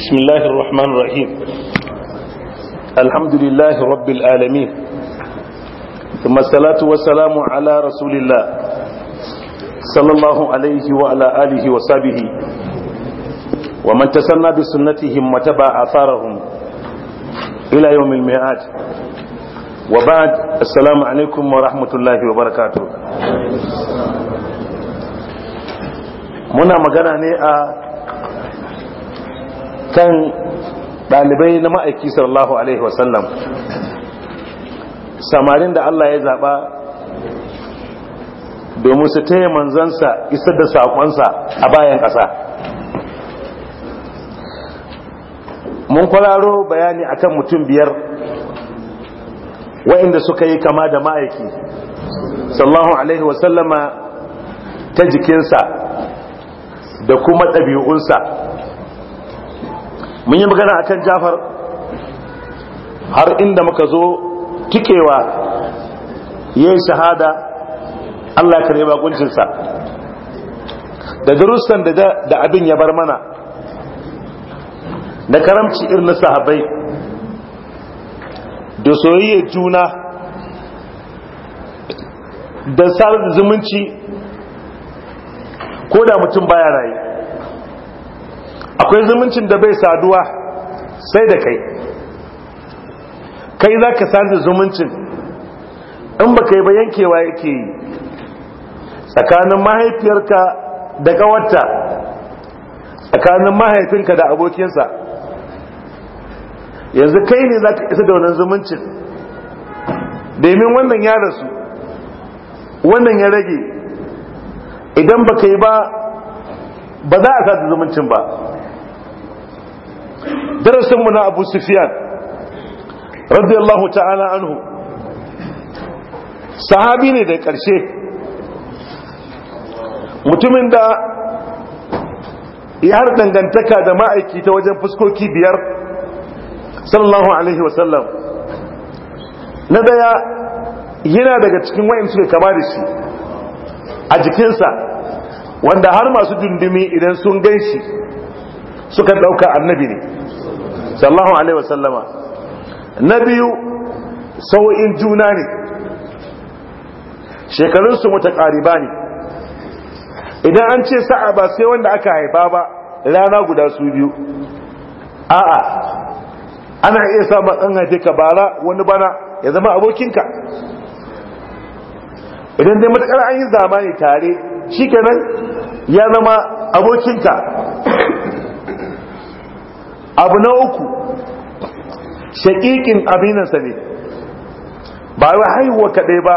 بسم الله الرحمن الرحيم الحمد لله رب العالمين ثم الصلاة والسلام على رسول الله صلى الله عليه وعلى آله وصحبه ومن تسنى بسنتهم وتبع آثارهم إلى يوم الميعاد وبعد السلام عليكم ورحمة الله وبركاته منا magana ne kan ɗalibai na ma'aiki sallallahu alaihi wasallam samarin da Allah ya zaɓa domin su taya manzansa isar da saƙonsa a bayan ƙasa mun kwararo bayani akan mutum biyar wa'inda suka yi kama da ma'aiki sallallahu alaihi wasallama ta jikinsa da kuma ɗabi'unsa mun yi magana a kan jafar har inda muka zo tikewa yi shahada Allah ka nema kuncinsa da darussan da abin ya bar mana da karamci irin na sahabai da soyayyar juna da sarar zumunci ko da mutum baya rayu akwai zumuncin da bai saduwa sai da kai kai za ka sadu zumuncin in ba kai ba yankewa yake yi tsakanin mahaifiyarka da kawarta tsakanin mahaifinka da abokinsa yanzu kai ne za ka isa da wannan zumuncin domin wannan ya rasu wannan ya rage idan ba kai ba ba za a sadu zumuncin ba mu na abu sufiyan radiyallahu ta'ala anhu sahabi ne da ƙarshe mutumin da ya har dangantaka da ma'aiki ta wajen fuskoki biyar sallallahu alaihi wasallam na daya yana daga cikin wayan suka kama da shi a jikinsa wanda har masu dundumi idan sun gan shi suka ɗauka annabi ne sallallahu alaihi wasallama na biyu sau'in juna ne shekarunsu mutakariba ne idan an ce sa'a ba sai wanda aka haifa ba rana guda su biyu a'a ana iya sa matsan haife ka bara wani bana ya zama abokinka idan dai matakar an yi zamani tare shi kenan ya zama abokinka abu na uku shaƙiƙin abininsa ne ba wa haihuwa kaɗai ba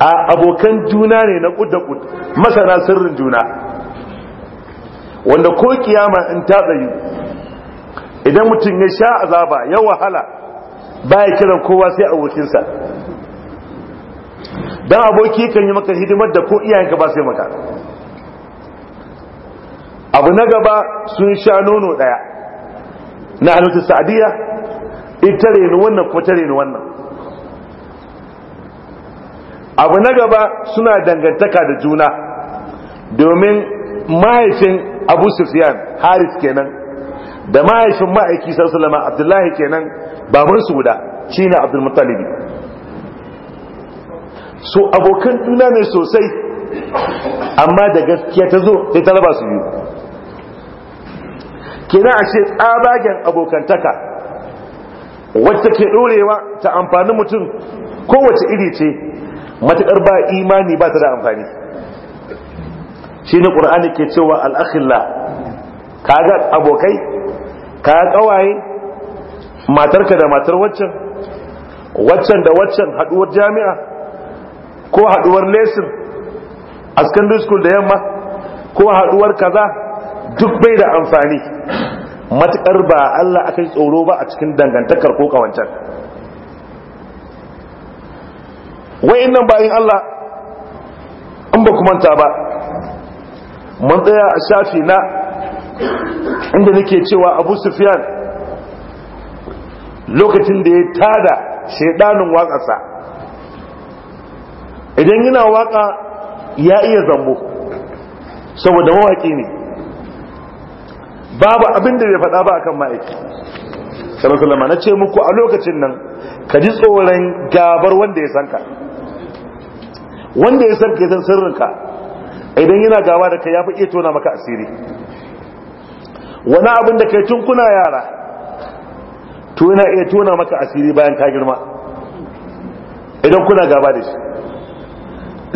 a abokan juna ne na ƙud da ƙud masana sirrin juna wanda ko kiyama in ta tsayu idan mutum ya sha azaba ya wahala ba ya kiran kowa sai abokinsa don aboki kan yi maka hidimar da ko iyayenka ba sai maka abu na gaba sun sha nono ɗaya na halittar sa'adiyya ita ni wannan kuma ta ni wannan abu na gaba suna dangantaka da juna domin mahaifin abu sufyan haris kenan da mahaifin ma'aiki lama abdullahi kenan su guda shi ne abdulmuttalibi so abokan juna ne sosai amma da gaskiya ta zo sai ta raba su biyu kina a ce tsabagen abokantaka wacce ke ɗorewa ta amfani mutum kowace iri ce matuƙar ba imani ba ta da amfani shi ne ƙur'ani ke cewa al'akhilla ka ga abokai ka ƙawaye matarka da matar waccan waccan da waccan haɗuwar jami'a ko haɗuwar lesin a secondary school da yamma ko haɗuwar kaza duk bai da amfani matukar ba Allah aka yi tsoro ba a cikin dangantakar ko kawancan nan bayan Allah an ba manta ba mun tsaya a shafi na inda nake cewa Abu Sufyan lokacin da ya tada shaidanin waƙarsa idan yana waƙa ya iya zambo saboda mawaƙi ne babu abin da bai faɗa ba akan ma'aiki sallallahu na ce muku a lokacin nan ka ji tsoron gabar wanda ya san ka wanda ya san ka san sirrinka idan yana gawa da kai ya fi iya tona maka asiri wani abin da kai tun kuna yara to yana iya tona maka asiri bayan ka girma idan kuna gaba da shi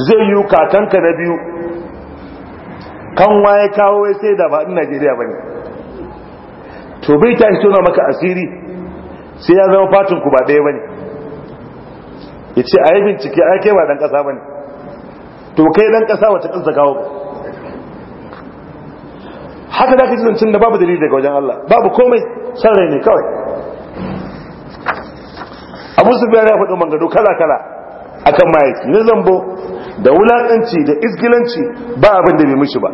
zai yi kakanka na biyu kan waye kawo sai da ba in najeriya ba ne to bai tashi tona maka asiri sai ya zama fatin ku ba ɗaya bane ya ce a yi bincike a kai ba ɗan ƙasa bane to kai ɗan ƙasa wacce ƙansa kawo ka haka da ka ji zancen da babu dalili daga wajen Allah babu komai san rai ne kawai abu su biya ya faɗi mangado kala kala akan mahaifi na zambo da wulaƙanci da izgilanci ba abin da bai mishi ba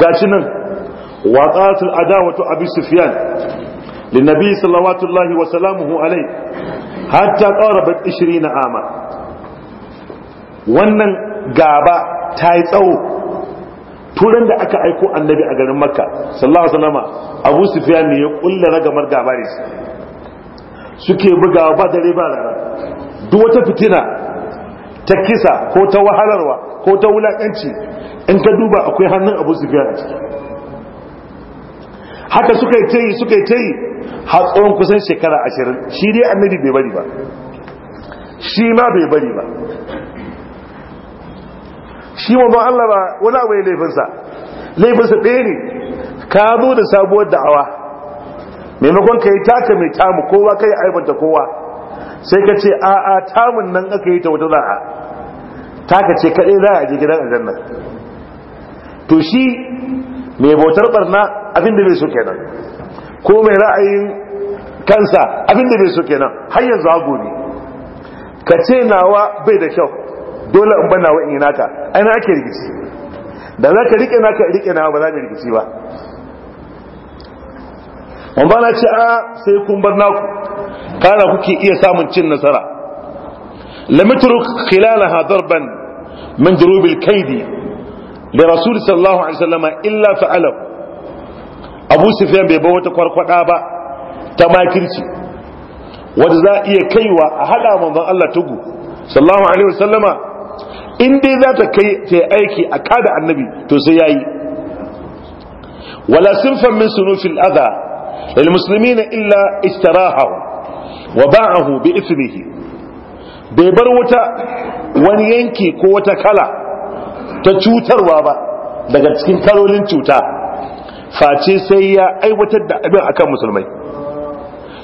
gashi nan وقالت العداوة أبي سفيان للنبي صلوات الله وسلامه عليه حتى قاربت عشرين عاما wannan gaba ta yi tsawo turan da aka aiko annabi a garin makka sallallahu alaihi wasallama abu sufyan ne ya kulle ragamar gaba ne suke bugawa ba dare ba rana duk wata fitina ta kisa ko ta wahalarwa ko ta wulakanci in ka duba akwai hannun abu sufyan a ciki haka suka yi tayi suka yi tayi har tsawon kusan shekara ashirin shi dai annabi bai bari ba shi ma bai bari ba shi ma Allah ba wani abu ne laifinsa laifinsa ɗaya ne ka zo da sabuwar da'awa maimakon ka yi taka mai tamu kowa ka yi aibanta kowa sai ka ce a a tamun nan aka yi ta wata za'a taka ce kaɗai za a je gidan aljanna to shi mai bautar barna abinda bai so kenan ko mai ra'ayin kansa abinda bai so kenan har yanzu hagu ne ka ce nawa bai da kyau dole in bana wa'in naka aina ake rikici da za ka rike naka rike nawa ba za mu rikici ba wani bana ce a sai kun bar naku kana kuke iya samun cin nasara لم khilala hadar ban min دروب kaidi. da rasul sallallahu alaihi wasallama illa fa'alahu abu sufyan bai ba wata kwarkwada ba ta makirci wanda za a iya kaiwa a hada manzon Allah tugu sallallahu alaihi wasallama in dai za ta kai ta aiki a kada annabi to sai yayi wala sinfan min sunufil adha lil muslimina illa istaraha wa ba'ahu bi ithmihi bai bar wata wani yanki ko wata kala ta cutarwa ba daga cikin kalolin cuta face sai ya aiwatar da abin akan musulmai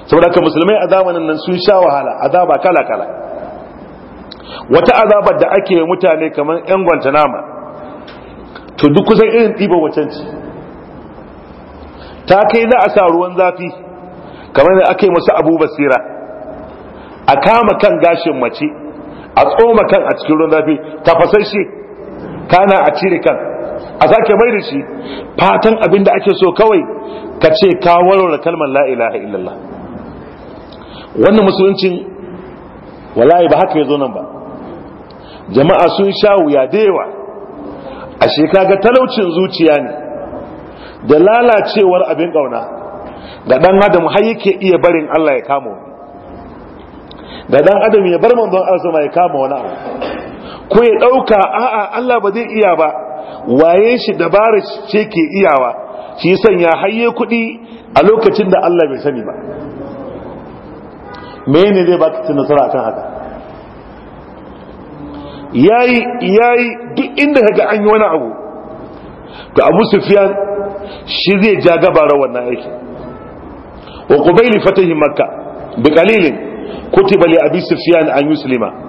saboda ka musulmai a zamanin nan sun sha wahala azaba kala kala wata azabar da ake mutane kamar yan gwanta nama to duk kusan irin ɗiban wacan ci ta kai za a sa ruwan zafi kamar da aka yi masu abu basira a kama kan gashin mace a tsoma kan a cikin ruwan zafi tafasashe kana a cire kan a sake mai da shi fatan abin da ake so kawai ka ce ka warware kalmar la ilaha illallah wannan musuluncin wallahi ba haka ya zo nan ba jama'a sun sha wuya da yawa a shekaga talaucin zuciya ne da lalacewar abin kauna da dan adam har yake iya barin Allah ya kama wani Da dan adam ya bar manzon Allah ya kama wani abu ko ya ɗauka a'a Allah ba zai iya ba waye shi dabarar ce ke iyawa shi san ya haye kuɗi a lokacin da Allah bai sani ba ne zai baka cin nasara akan haka yayi yayi duk inda kaga an yi wani abu to Abu Sufyan shi zai ja gabara wannan aiki wa qubayl fatahi makkah bi qalilin kutiba li abi sufyan an yuslima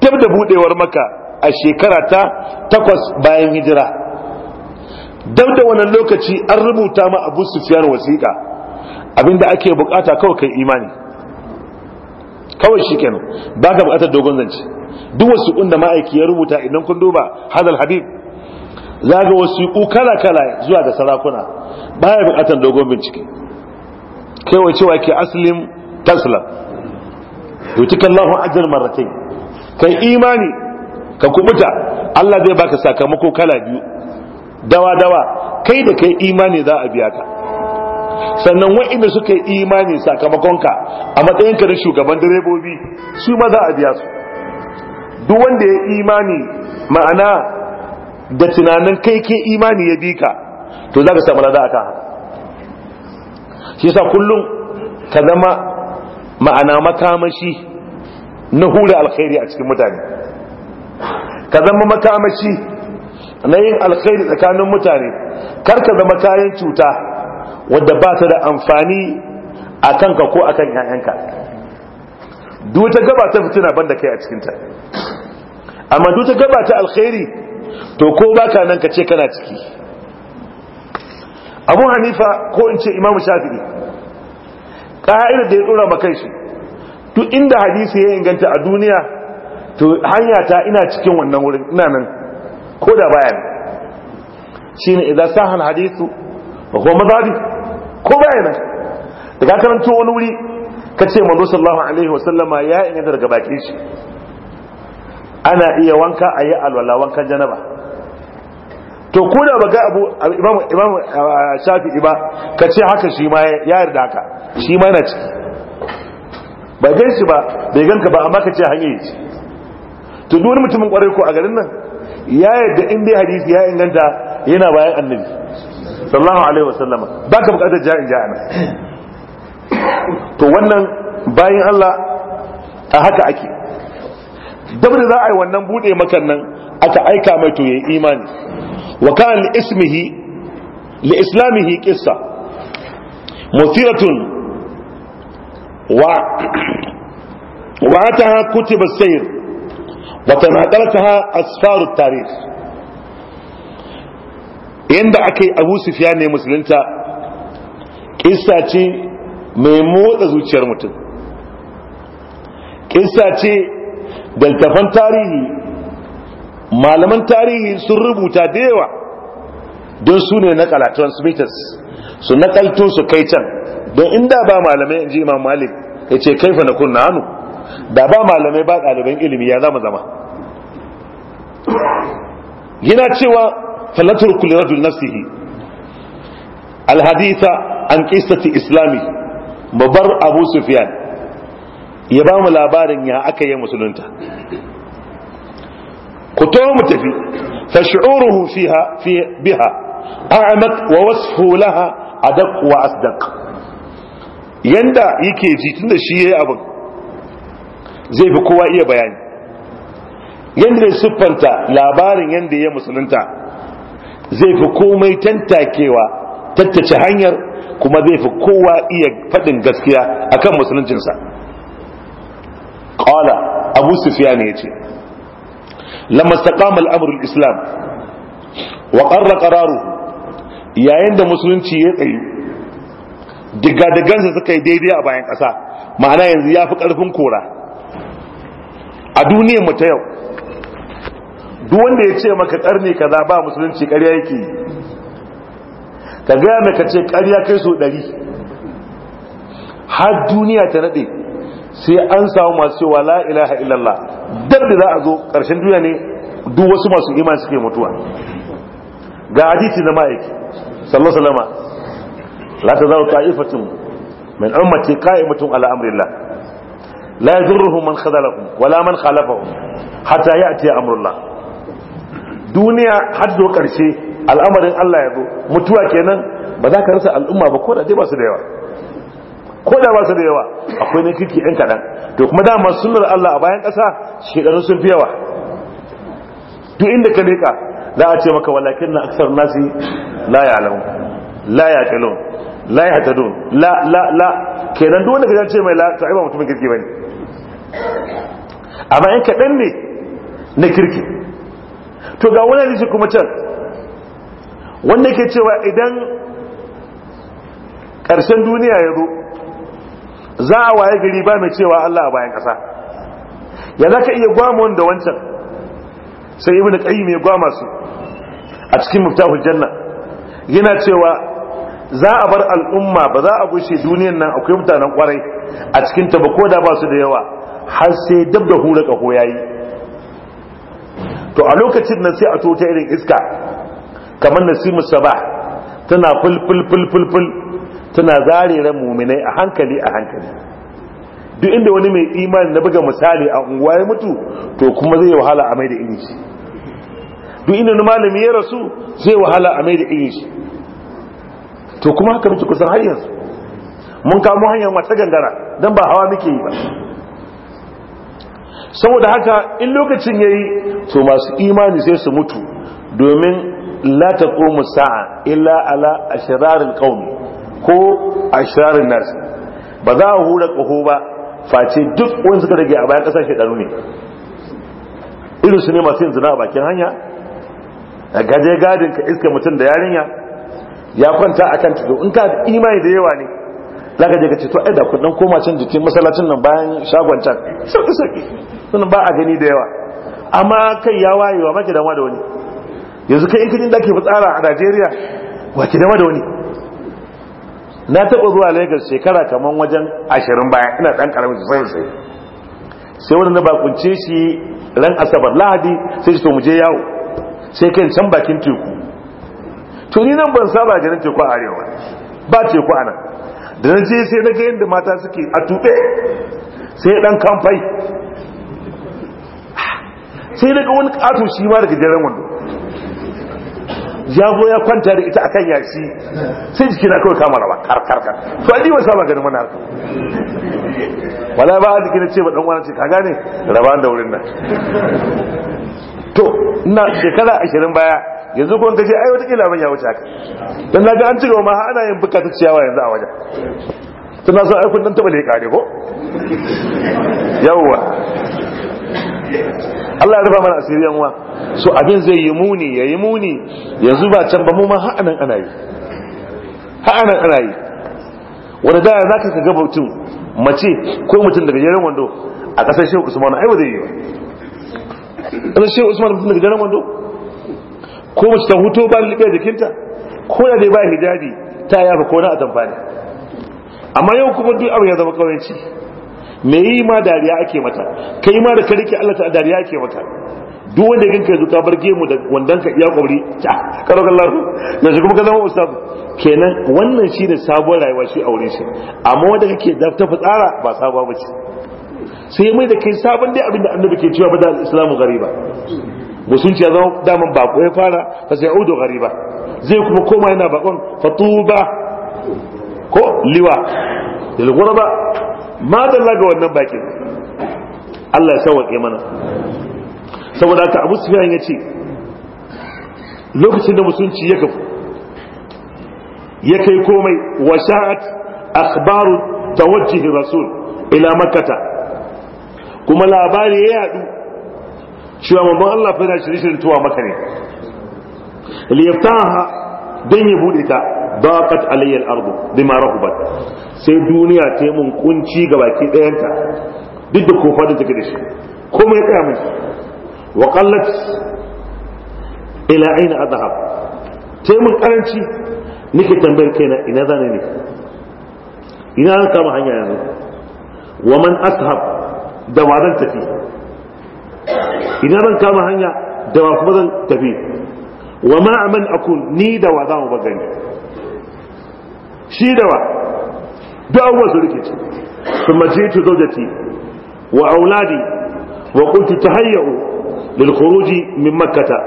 dab da budewar maka a shekara ta takwas bayan hijira dab da wannan lokaci an rubuta ma abu sufyan wasiƙa abinda ake bukata kawai kai imani kawai shi kenan ba ka bukatar dogon zance duk wasu kunda ma'aiki ya rubuta idan kun duba hadal habib za ga wasu kala kala zuwa da sarakuna ba ya bukatar dogon bincike kawai cewa ke aslim taslam yutikallahu Allahu ajr marratayn kai imani ka kubuta Allah zai baka sakamako kala biyu dawa dawa kai da kai imani za a biya ka sannan wa'inda suka yi imani sakamakonka a matsayinka na shugaban direbobi su ma za a biya su duk wanda ya imani ma'ana da tunanin kai ke imani ya bi ka to za ka samu da aka shi yasa kullum ka zama ma'ana makamashi na hura alkhairi a cikin mutane ka zama makamashi na yin alkhairi tsakanin mutane kar ka zama kayan cuta wadda ba ta da amfani a kanka ko akan 'ya'yanka duk ta gaba ta fitina banda kai a cikinta amma duk ta gaba ta alkhairi to ko baka nan ka ce kana ciki abu hanifa ko in ce imamu shafi'i ƙa'idar da ya tsora ma kai shi duk inda hadisi ya inganta a duniya to hanya ta ina cikin wannan wurin ina nan ko da bayan shine idan sahan hadisu ko huwa madhabi ko bayan da ka karanto wani wuri ka ce manzo sallallahu alaihi wasallama ya inganta daga bakin shi ana iya wanka ayi alwala wankan janaba to ko da baka abu imamu imamu shafi'i ba ka ce haka shi ma ya yarda haka shi ma yana ciki ba gan shi ba bai ganka ba amma ka ce hanyar ce to duk wani mutumin kwarai ko a garin nan ya yadda in dai hadisi ya inganta yana bayan annabi sallallahu alaihi wasallama ba ka bukatar ja'in ja'ana to wannan bayan Allah a haka ake dab da za a yi wannan bude makan nan aka aika mai to imani wa kan ismihi li islamihi qissa mutiratun Wa, wa ta har ko ce ba zai yi ba? Ka na ɗan ka har asfawar a buci fiya ne musulunta, kisa ce mai motsa zuciyar mutum, kisa ce ɗan tarihi, malaman tarihi sun rubuta da yawa don su ne na kala su na kaito su kai can. don inda ba malamai in ji imam malik ya ce kaifa na kunna hannu da ba malamai ba ɗaliban ilimi ya zama zama Gina cewa falatar kulirajul nafsihi alhaditha an ƙisati islami mabar abu sufyan ya ba mu labarin ya aka yi musulunta ku to mu tafi fashuruhu fiha biha a'amat wa wasfu laha adaq wa asdaq yanda yake ji tunda shi yayi abin zai fi kowa iya bayani yanda ya siffanta labarin yanda ya musulunta zai fi komai tantakewa tattace hanyar kuma zai fi kowa iya faɗin gaskiya akan musuluncinsa ƙala abu sufiya ne ya ce lamma staƙama islam wa ƙarra ƙararu yayin da musulunci ya tsayu digadigansa suka yi daidai a bayan ƙasa ma'ana yanzu ya fi ƙarfin kora a duniyar mu ta yau duk wanda ya ce maka ƙarni kaza ba musulunci karya yake yi, ka gaya mai ka ce karya kai so ɗari har duniya ta naɗe sai an samu masu cewa la ilaha illallah dab da za a zo ƙarshen duniya ne duk wasu masu iman suke mutuwa ga hadisi na ma'aiki sallallahu alaihi la tazalu ta'ifatun min ummati qa'imatun ala amrillah la yadurruhum man khadalahum wala man khalafahum hatta ya'ti amrullah duniya haddo karshe al'amarin Allah ya zo mutuwa kenan ba za ka rasa al'umma ba ko da dai da yawa ko da ba da yawa akwai na kirki yan kaɗan to kuma dama sunnar Allah a bayan ƙasa shekaru sun fi yawa duk inda ka rika za a ce maka walakin na aksar nasi la la ya hatadun la la la kenan duk wanda ka ce mai la to ai ba mutumin kirki bane amma in kaɗan ne na kirki to ga wani hadisi kuma can wanda yake cewa idan ƙarshen duniya ya zo za a waye gari ba mai cewa Allah bayan kasa ya za ka iya gwama wanda wancan sai ibn qayyim ya gwama su a cikin muftahul janna yana cewa za a bar al'umma ba za a gushe duniyan nan akwai mutanen kwarai a cikin ta ba ko da ba su da yawa har sai dab da hura kaho yayi to a lokacin nan sai a to ta irin iska kamar nasimu sabah tana fulful fulful ful tana zare ran muminai a hankali a hankali duk inda wani mai imani na buga misali a unguwa ya mutu to kuma zai wahala a mai da irin shi duk inda wani malami ya rasu zai wahala a mai da irin shi to kuma haka muke kusan har yanzu mun kamo hanyar mata gangara don ba hawa muke yi ba saboda haka in lokacin yayi to masu imani sai su mutu domin la taqumu sa'a illa ala ashraril qaumi ko ashrarin nas ba za a hura kaho ba face duk wani suka rage a bayan kasashe ɗaru ne irin su ne masu yin zina a bakin hanya a gaje gadin ka iska mutum da yarinya ya kwanta a kan tudu in ka imani da yawa ne zaka daga ka ce to ai da kudin koma can jiki masallacin nan bayan shagon can sauki sauki sun ba a gani da yawa amma kai ya wayewa maki dama da wani yanzu kai in kajin da ke fitsara a Najeriya wa ki da wani na taɓa zuwa Lagos shekara kamar wajen ashirin baya ina ɗan ƙaramin sosai sai wani na bakunce shi ran asabar lahadi sai mu je yawo sai kai can bakin teku to ni nan ban saba ganin teku a arewa ba teku a nan da na je sai na ga yadda mata suke a tuɓe sai ɗan kamfai sai na ga wani ƙato shi ma daga jiran wando jago ya kwanta da ita a kan yashi sai jiki na kawai kama rawa karkarkar to a ban saba ganin mana haka wala ba a jiki na ce ba ɗan wani ce ka gane raba da wurin nan to ina shekara ashirin baya yanzu kun kace ai wata kila ban ya wuce haka dan naga an cigaba ma ana yin bukata ciyawa yanzu a wajen tana so ai kun dan taba leka ne ko yawwa Allah ya rufa mana asiri yan uwa so abin zai yi muni ya yi muni yanzu ba can ba mu ma ha'anan ana yi ha'anan ana yi wanda da za ka ga mutum mace ko mutum daga jeren wando a ƙasar shehu usman ai ba zai yi ba ƙasar shehu usman mutum daga jeren wando ko su ta hutu ba lilibe jikinta ko da dai ba hijabi ta yi abu ko na atamfani. amma yau kuma duk abu ya zama kawanci me yi ma dariya ake mata kai ma da karike Allah ta dariya ake mata duk wanda ya ganka zuka bar gemu da wandan ka iya kwabri ta karo kan na shi kuma ka zama ustaz kenan wannan shi ne sabon rayuwa shi aure shi amma wanda kake da ta fitsara ba sabuwa ba ce sai mai da kai sabon dai abin da annabi ke cewa ba da islamu gariba musulunci ya zama daman bako ya fara fa sai udu gariba zai kuma koma yana bakon fatuba ko liwa Da lil ba, ma da ga wannan bakin Allah ya ke mana saboda ta Abu sufiyan ya ce lokacin da musunci ya kafu ya kai komai wa sha'at akhbaru tawajjuh rasul ila makata, kuma labari ya yadu cewa mamban Allah fa yana shirye-shiryen tuwa maka ne liyaftaha dan ya bude ta daqat alayya al-ardu bima sai duniya ta mun kunci ga baki dayanta duk da kofa da take da shi kuma ya tsaya mishi wa qallat ila aina adhhab ta mun karanci nake tambayar kaina ina zan ne ina kama hanya yanzu wa man ashab da wa tafi ina zan kama hanya da wa kuma zan tafi wa ma man akun ni da wa za mu gani shi da wa duk abubuwan su rikici su mace tu zaujati wa auladi wa kuntu tahayyau lil khuruji min makkata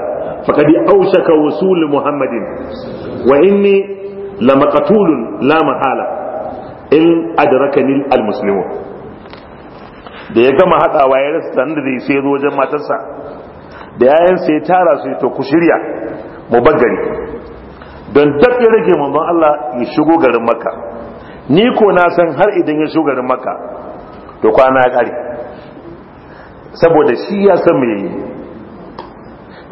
فقد أوشك وصول محمد وإني la mahala in adrakani al muslimun da ya gama haɗawa ya rasa sanar da sai zo wajen matarsa da yayansa ya tara su to ku shirya mu bagari don duk ya rage manzon Allah ya shigo garin Makka ni ko na san har idan ya shigo garin Makka to kwana ya kare saboda shi ya san me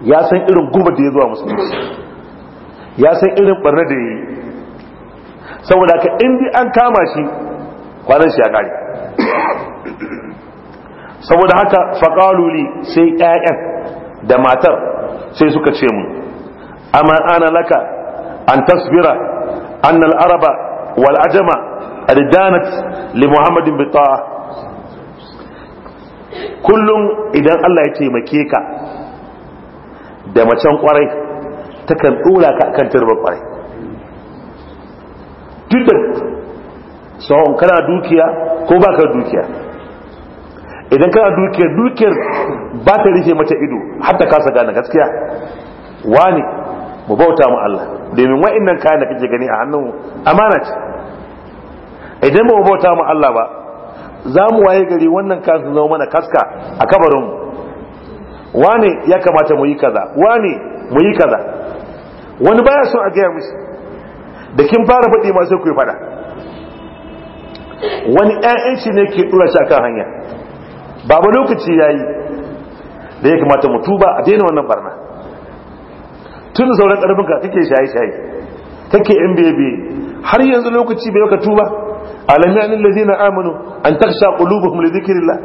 ya san irin guba da ya zuwa musulunci ya san irin barna da yayi saboda ka in an kama shi kwanan shi ya kare saboda haka faƙaluli sai ƴaƴan da matar sai suka ce mu amma ana laka an tasbira an al'araba wal ajama ardanat li muhammadin bi ta'a kullum idan Allah ya taimake ka da macen kwarai takan dora ka akan turban kwarai duk da kana dukiya ko baka dukiya idan kana dukiyar dukiyar ba ta rufe mata ido har ta kasa gane gaskiya wani mu bauta mu Allah domin wa'annan kayan da kake gani a hannunmu amana ce idan ba mu bauta mu Allah ba za mu waye gari wannan kayan su zama mana kaska a kabarinmu Wani ya kamata mu yi kaza Wani mu yi kaza wani baya son a gaya mishi da kin fara faɗi ma sai ku yi faɗa wani 'ya'yan shi ne ke tura shi akan hanya babu lokaci ya yi da ya kamata mu tuba a daina wannan barna tun da sauran karfin ka kake shaye-shaye kake yan bebe har yanzu lokaci bai ka tuba alami anil na amanu an sha kulubu kuma dhikrillah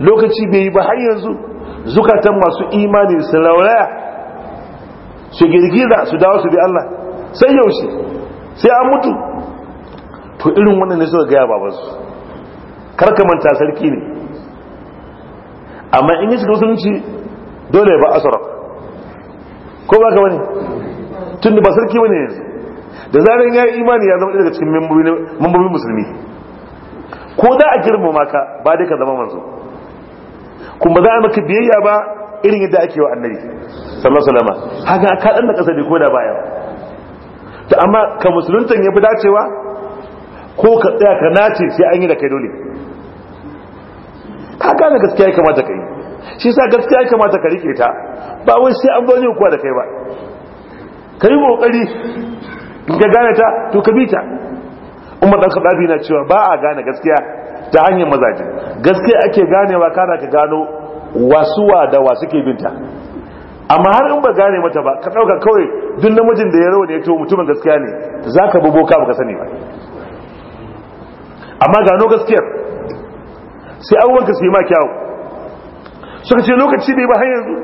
lokaci bai ba har yanzu zukatan masu imani su lauraya su girgiza su dawo su bi Allah sai yaushe sai an mutu to irin wannan ne suka gaya babansu kar ka manta sarki ne amma in yi shiga musulunci dole ba asara ko ba ka wani tun da ba sarki wani yanzu da zarar ya yi imani ya zama daga cikin mambobin musulmi ko za a girmama ka ba dai ka zama manzo kuma za a maka biyayya ba irin yadda ake wa annabi sallallahu alaihi wasallam haka ka dan da kasa ko da baya to amma ka musulunta ya fi dacewa ko ka tsaya ka nace sai an yi da kai dole ka gane gaskiya ya kamata ka yi shi sa gaskiya ya kamata ka rike ta ba wai sai an bane kuwa da kai ba ka yi kokari ka gane ta to ka bi ta umar ɗan kaɗafi na cewa ba a gane gaskiya ta hanyar mazaje gaskiya ake ganewa kana ka gano wasuwa da wasu ke binta amma har in ba gane mata ba ka ɗauka kawai duk namijin da ya rawa da ya to mutumin gaskiya ne zaka bi boka baka sani ba amma gano gaskiyar sai abubuwan su yi ma kyawu suka ce lokaci bai ba har yanzu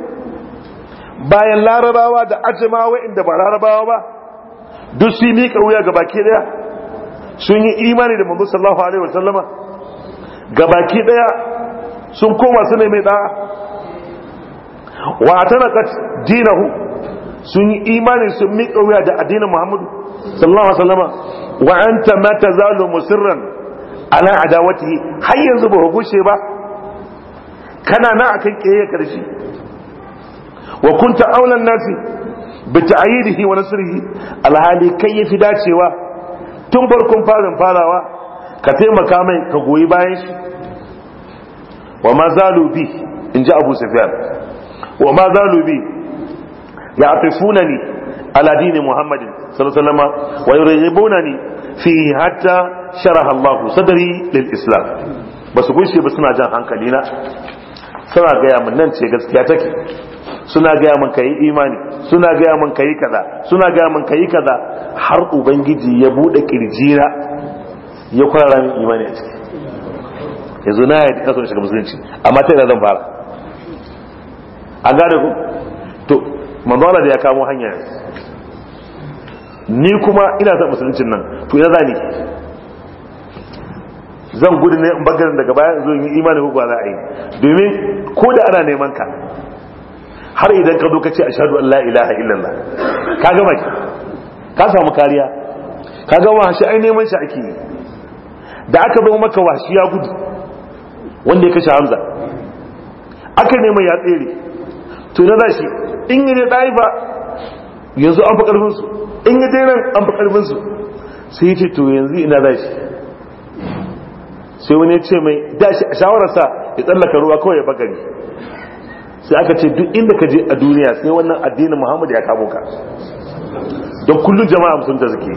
bayan larabawa da ajamawa inda ba larabawa ba duk su yi miƙa wuya ga baki ɗaya sun yi imani da mabu sallahu alaihi wasallama ga baki ɗaya sun koma su ne mai ɗa'a wa naka dinahu sun yi imani sun miƙa wuya da addinin muhammadu sallallahu alaihi wasallama wa ta mata zalo musirran ala adawati har yanzu ba hukunce ba kana na akan kiyaye karshe wa kunta aulan nasi bi ta'yidihi wa nasrihi alhali kai yafi dacewa tun farkon farin farawa ka taimaka mai ka goyi bayan shi wa ma zalu bi in ji abu sufyan wa ma zalu bi ya afifunani ala dini muhammadin sallallahu alaihi wasallam wa ni fi hatta sharaha Allahu sadari lil Islam ba su gushe ba suna jan hankali na suna gaya min nan ce gaskiya take suna gaya min kai imani suna gaya min kai kaza suna gaya min kai kaza har ubangiji ya bude kirjira ya kwarara min imani a ciki yanzu na yi kaso shiga musulunci amma ta ina zan fara an gane ku to manzo da ya kamo hanya ni kuma ina son musuluncin nan to ina zani zan gudu ne bangaren daga baya zo yi imani ko za a yi domin ko da ana neman ka har idan ka zo ka ce ashhadu an la ilaha illallah ka gama ki ka samu kariya ka ga washi ai neman shi ake yi da aka bai maka washi ya gudu wanda ya kashe hamza aka neman ya tsere to na zashi in yi ne ɗaifa yanzu an fi ƙarfinsu in yi nan an fi ƙarfinsu sai ce to yanzu ina zashi sai wani ya ce mai da shawararsa ya tsallaka ruwa kawai ya bagari sai aka ce duk inda ka je a duniya sai wannan addinin muhammad ya kamo ka don kullum jama'a da suke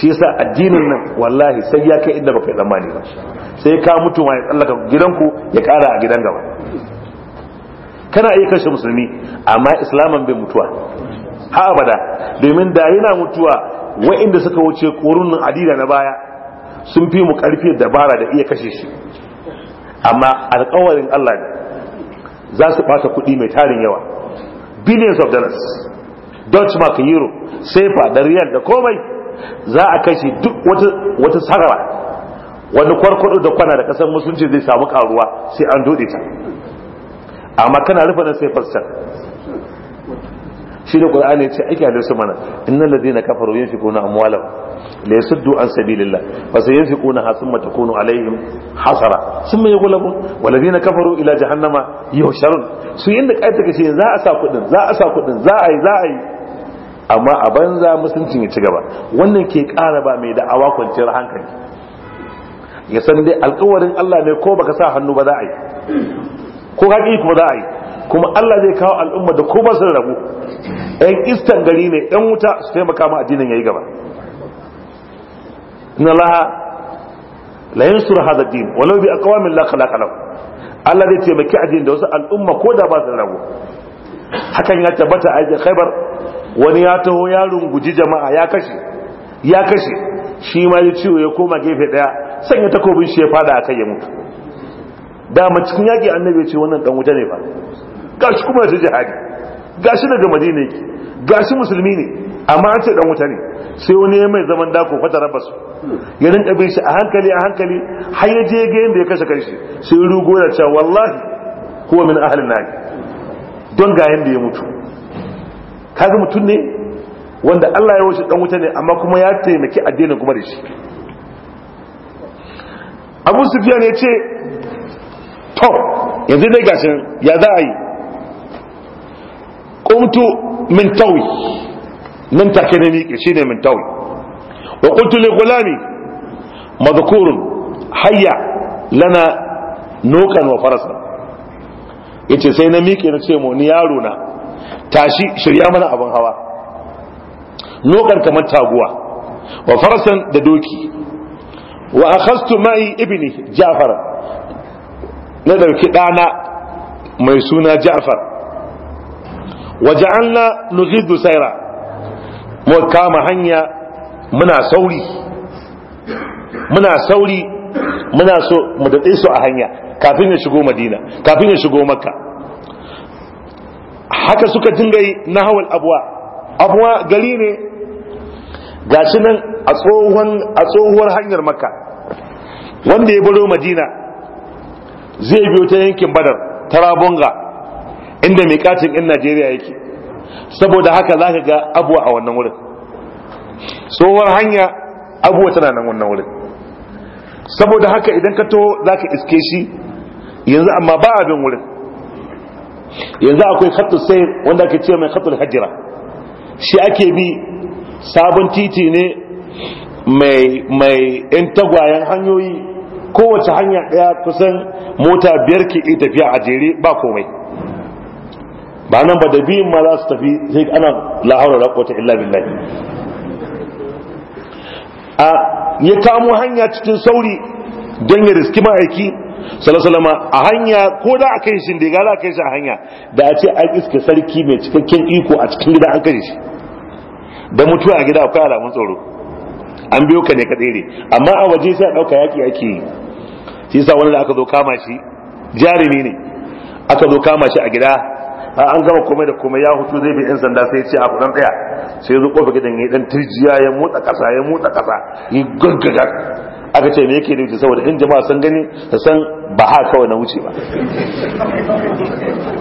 shi yasa addinin nan wallahi sai ya kai inda baka tsammani ba sai ka mutu ma ya tsallaka gidanku ya kara a gidan gaba kana iya kashe musulmi amma islaman bai mutuwa ha bada, domin da yana mutuwa wa'inda suka wuce korunan adida na baya sun fi mu karfi dabara da iya kashe shi amma alkawarin Allah ne za su bata kuɗi mai tarin yawa billions of dollars dutch mark euro sefa da riyal da komai za a kashe duk wata sarara wani kwarkwado da kwana da kasar musulunci zai samu karuwa sai an dode ta amma kana rufe na sefar can shi da qur'ani ya ce ake da su mana innal ladina kafaru yunfiquna amwalahum la yasuddu an sabilillah fa sayunfiquna thumma takunu alaihim hasara summa yughlabun wal ladina kafaru ila jahannama yusharun su inda kai take ce za a sa kudin za a sa kudin za a yi za a yi amma a banza musuncin ya ci gaba wannan ke ƙara ba mai da'awa kwanciyar hankali ya san dai alƙawarin Allah ne ko baka sa hannu ba za a yi ko ka yi ko za a yi kuma Allah zai kawo al'umma da ko ba su rabu ɗan istan gari ne ɗan wuta su taimaka ma addinin ya yi gaba na laha layin yansuru hadha din walau bi aqwamin la khalaqa Allah zai taimaki addinin da wasu al'umma ko da ba su rabu hakan ya tabbata a Khaibar wani ya taho ya runguji jama'a ya kashe ya kashe shi ma ya ciwo ya koma gefe daya sanya takobin shi ya fada kai ya mutu dama cikin yaƙi annabi ce wannan dan wuta ne ba gashi kuma ya jihadi gashi daga madina yake gashi musulmi ne amma an ce dan wuta ne sai wani ya mai zaman dako fata rabas ya rinka bin shi a hankali a hankali har ya je ga yanda ya kashe kanshi sai rugo ya cewa wallahi huwa min ahli nar don ga yanda ya mutu kaga mutum ne wanda Allah ya wuce dan wuta ne amma kuma ya taimaki addinin kuma da shi Abu Sufyan ya ce to yanzu dai gashin ya za a yi qumtu min tawi nan take ne miƙe shine min tawi wa qultu li gulami lana nukan wa yace sai na miƙe na ce mu ni yaro na tashi shirya mana abin hawa nukan kamar taguwa wa farasan da doki wa akhastu ma'i ibni ja'far na dauki dana mai suna ja'far waja'alna nuzidu saira mu kama hanya muna sauri muna sauri muna so mu dade su a hanya kafin ya shigo madina kafin ya shigo makka haka suka dinga yi nahawal abwa abwa gari ne gashi nan a tsohuwar hanyar makka wanda ya baro madina zai biyo ta yankin badar tarabonga inda katin in najeriya yake saboda haka za ka ga abuwa a wannan wurin tsohuwar hanya abuwa tana nan wannan wurin saboda haka idan ka to za ka iske shi yanzu amma ba abin wurin yanzu akwai khattu sai wanda ake ce mai khattul hajjira shi ake bi sabon titi ne mai yan tagwayen hanyoyi kowace hanya ɗaya kusan mota biyar ke iya tafiya a jere ba komai ba nan ba da biyun ma za su tafi sai ana la'aura da kota illa billahi a ya kamo hanya cikin sauri don ya riski ma'aiki salasalama a hanya ko da a kai shi da aka kai shi a hanya da a ce an iska sarki mai cikakken iko a cikin gida an kai shi da mutuwa a gida akwai alamun tsoro an biyo ka ne ka tsere amma a waje sai a ɗauka yaƙi ake yi shi sa wani da aka zo kama shi jarumi ne aka zo kama shi a gida a an gama komai da komai ya hutu zai bi yan sanda sai ce a kudan tsaya sai ya zo kofa gidan ya dan turjiya ya motsa kasa ya motsa kasa ya gurgurga aka ce me yake da wuce saboda in jama'a sun gani da san ba ha kawai na wuce ba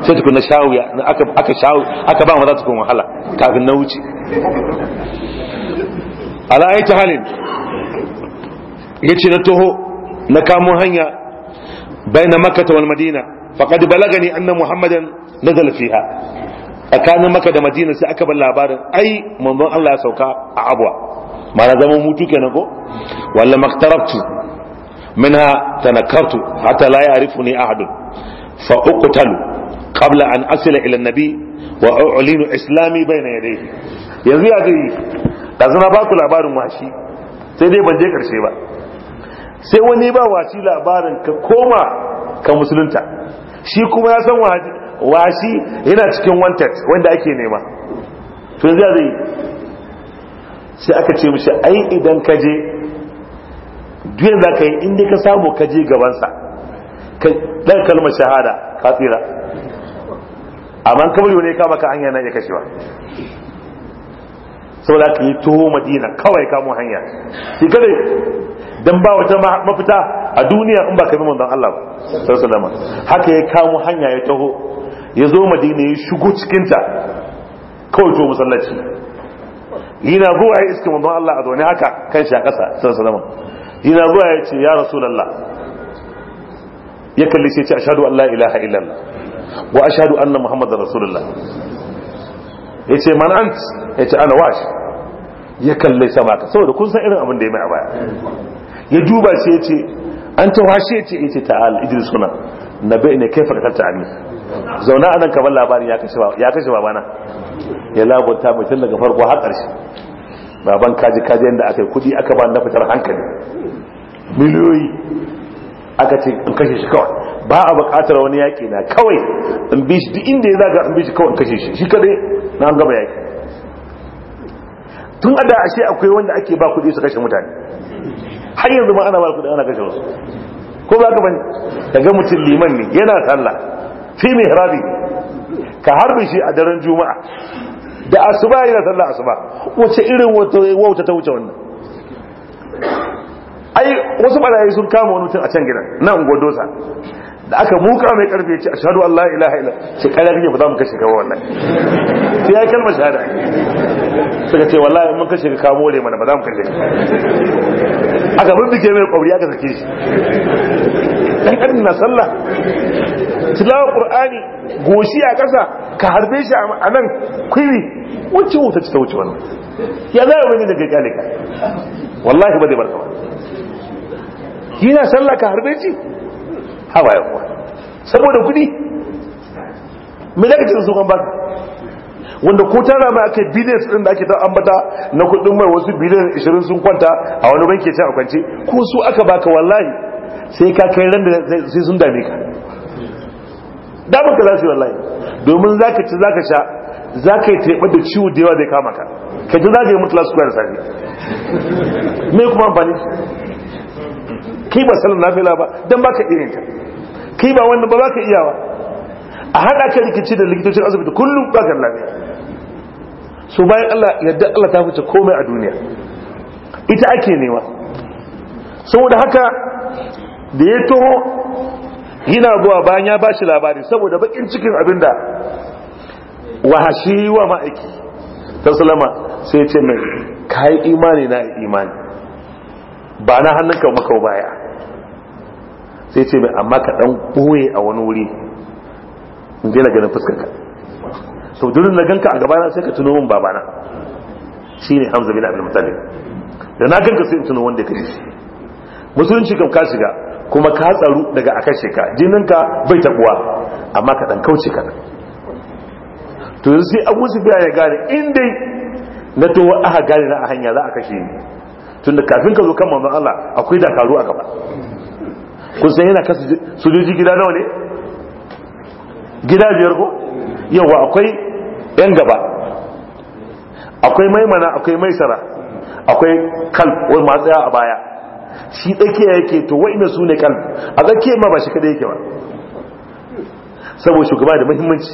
sai tukuna na shawuya aka aka shawu aka ba mu maza kuma wahala kafin na wuce ala ayi halin yace na toho na kamo hanya baina makka wal madina faqad balagani anna muhammadan nazala fiha tsakanin maka da madina sai aka bar labarin ai manzon Allah ya sauka a abwa ma'ana zaman mutu kenan ko walla maktarabtu minha tanakartu hatta la ya'rifuni ahadun fa uqtalu qabla an asila ila nabi wa a'linu islami bayna yadayhi yanzu ya dai kaza na baku labarin washi sai dai ban je karshe ba sai wani ba washi labarin ka koma ka musulunta shi kuma ya san washi yana cikin wanted wanda ake nema to yanzu zai sai aka ce mishi ai idan ka je duyan za ka yi inda ka samu ka je gabansa dan kalmar shahada kafira. amma kamar yau ne kama ka hanya na ya kashewa saboda ka yi tuho madina kawai kamun hanya shi kada dan ba wata mafita a duniya in ba ka kai manzon Allah ba sallallahu haka ya kamo hanya ya taho ya zo madina ya shigo cikin ta kawai to musallaci yana zuwa ya iske manzon Allah a zaune haka kan shi a ƙasa sallallahu yana zuwa ya ce ya rasulullah ya kalli sai ya ce ashhadu an la ilaha illallah wa ashhadu anna muhammadar rasulullah ya ce man ant ya ce ana wash ya kalle sama ka saboda kun san irin abin da ya mai a baya ya duba sai ya ce an ta washe ce ya ce eh, ta'al idris suna na bai ne kai farkar ta'ami zauna anan kamar labarin ya kashe babana ya labarta mai tun daga farko har ƙarshe baban kaji kaji yadda aka yi kudi aka ba na fitar hankali miliyoyi aka ce in kashe shi kawai ba a buƙatar wani yaƙi na kawai in bi shi duk inda ya zaga in bi shi kawai in kashe shi shi kadai na an gaba yaƙi tun a da ashe akwai wanda ake ba kudi su kashe mutane har yanzu ma ana ba kudin ana kashe wasu ko ba ka bane daga mutum liman ne yana sallah fi mihrabi ka harbe shi a daren juma'a da asuba yana sallah asuba wace irin wauta ta wuce wannan ai wasu barayi sun kama wani mutum a can gidan na ungodosa da aka muka mai karfe ya ce ashhadu an la ilaha illa ce kare kake ba za mu kashe ka wannan sai ya kalmar shahada suka ce wallahi mun kashe ka kamo ne mana ba za mu kashe ka da ke mai kwauri aka sake shi dan karin na sallah Silawar qur'ani goshi a ƙasa ka harbe shi a nan kwiri wacce wuta ci ta wuce wannan ya zai wani da kai ka? wallahi ba zai barka ba na sallah ka harbe shi hawa ya kuwa saboda kuɗi me zaka ce su kan baka wanda ko tara ma aka biliyan din da ake ta ambata na kudin mai wasu biliyan 20 sun kwanta a wani banki a kwance ko su aka baka wallahi sai ka kai ran da sai sun dame ka da baka za su yi wallahi domin zaka ci zaka sha zaka yi tebe da ciwo da yawa zai kama ka ka ji zaka yi lasu kwayar sani me kuma amfani kai ba salon nafila ba dan baka irin ta kai ba wannan ba baka iyawa a haɗa ka rikici da likitocin asibiti kullum bakar lafiya su bayan Allah yadda Allah ta fice komai a duniya ita ake nema saboda haka da ya toho yana zuwa bayan ya ba shi labari saboda bakin cikin abinda wahashi wa ma'aiki ta salama sai ce mai ka yi imani na imani ba na hannunka maka baya sai ce mai amma ka dan boye a wani wuri in je na ganin fuskarka sau durin na ganka a gabana sai ka tuno min babana shine hamza bin abin mutane da na ganka sai in tuno wanda ka shi musulunci kam ka shiga kuma ka tsaru daga a kashe ka jininka bai tabuwa amma ka dan kauce ka to yanzu sai abu su biya ya gane in dai na to aka gane na a hanya za a kashe ni tunda kafin ka zo kan mamman Allah akwai dakaru a gaba kun san yana kasu sojoji gida nawa ne gida biyar ko yawa akwai yan gaba akwai maimana akwai maisara akwai kal wai masu tsaya a baya shi tsakiya yake to wai su ne kal a tsakiya ma ba shi kada yake ba saboda shugaba da muhimmanci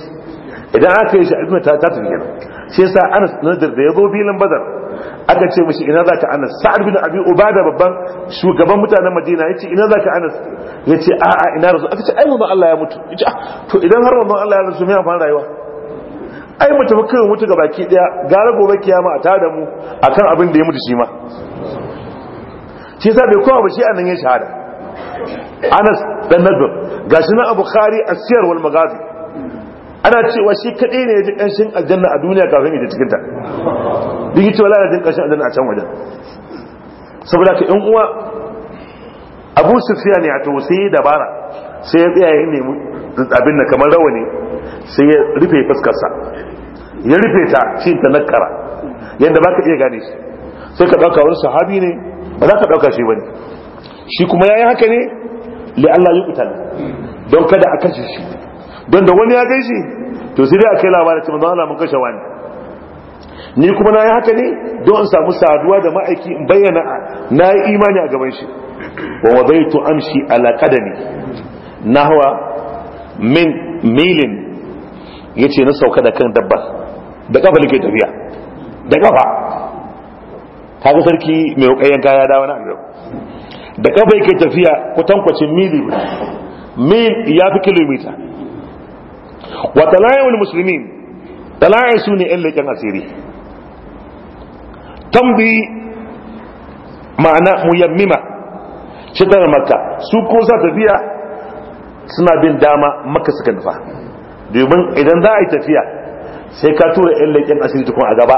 idan aka yi shi abin ta ta tafi kenan shi yasa Anas Nadir da ya zo filin Badar aka ce mishi ina zaka Anas Sa'ad bin Abi Ubada babban shugaban mutanen Madina yace ina zaka Anas yace a'a ina rasu aka ce ai manzon Allah ya mutu yace ah, to idan har manzon Allah ya rasu me amfani rayuwa ai mu tafi mutu ga baki daya gara gobe kiyama a da mu akan abin da ya mutu shi ma shi yasa bai kowa ba shi annan ya shahada Anas dan ga gashi na Abu Khari siyar wal magazi ana cewa shi kaɗai ne ya ji kanshin aljanna a duniya kafin ya ji cikin ta duk cewa la jin kanshin aljanna a can wajen saboda ka yan uwa Abu Sufyan ya a tausayi dabara sai ya tsaya ya nemi abin da kamar rawani sai ya rufe fuskarsa ya rufe ta shi ta nakara yadda ba ka iya gane shi sai ka ɗauka wani sahabi ne ba za ka ɗauka shi ba shi kuma ya yi haka ne li Allah yi kutal don kada a kashe shi don da wani ya gai shi to sai dai a kai labarin cewa Allah mun kashe wani ni kuma na yi haka ne don in samu saduwa da ma'aiki in bayyana na yi imani a gaban shi wa wadaitu amshi ala na hawa min milin ya ce na sauka da kan dabbar da kafa nake tafiya da kafa ga sarki mai hukayen kaya da wani abu da kafa yake tafiya kwacin mili mil ya fi kilomita wa talayin musulmin talayin su ne 'yan leƙen asiri tambi ma'ana muyammima shi tara makka su ko sa tafiya suna bin dama maka suka nufa domin idan za a yi tafiya sai ka tura yan leƙen asiri tukun a gaba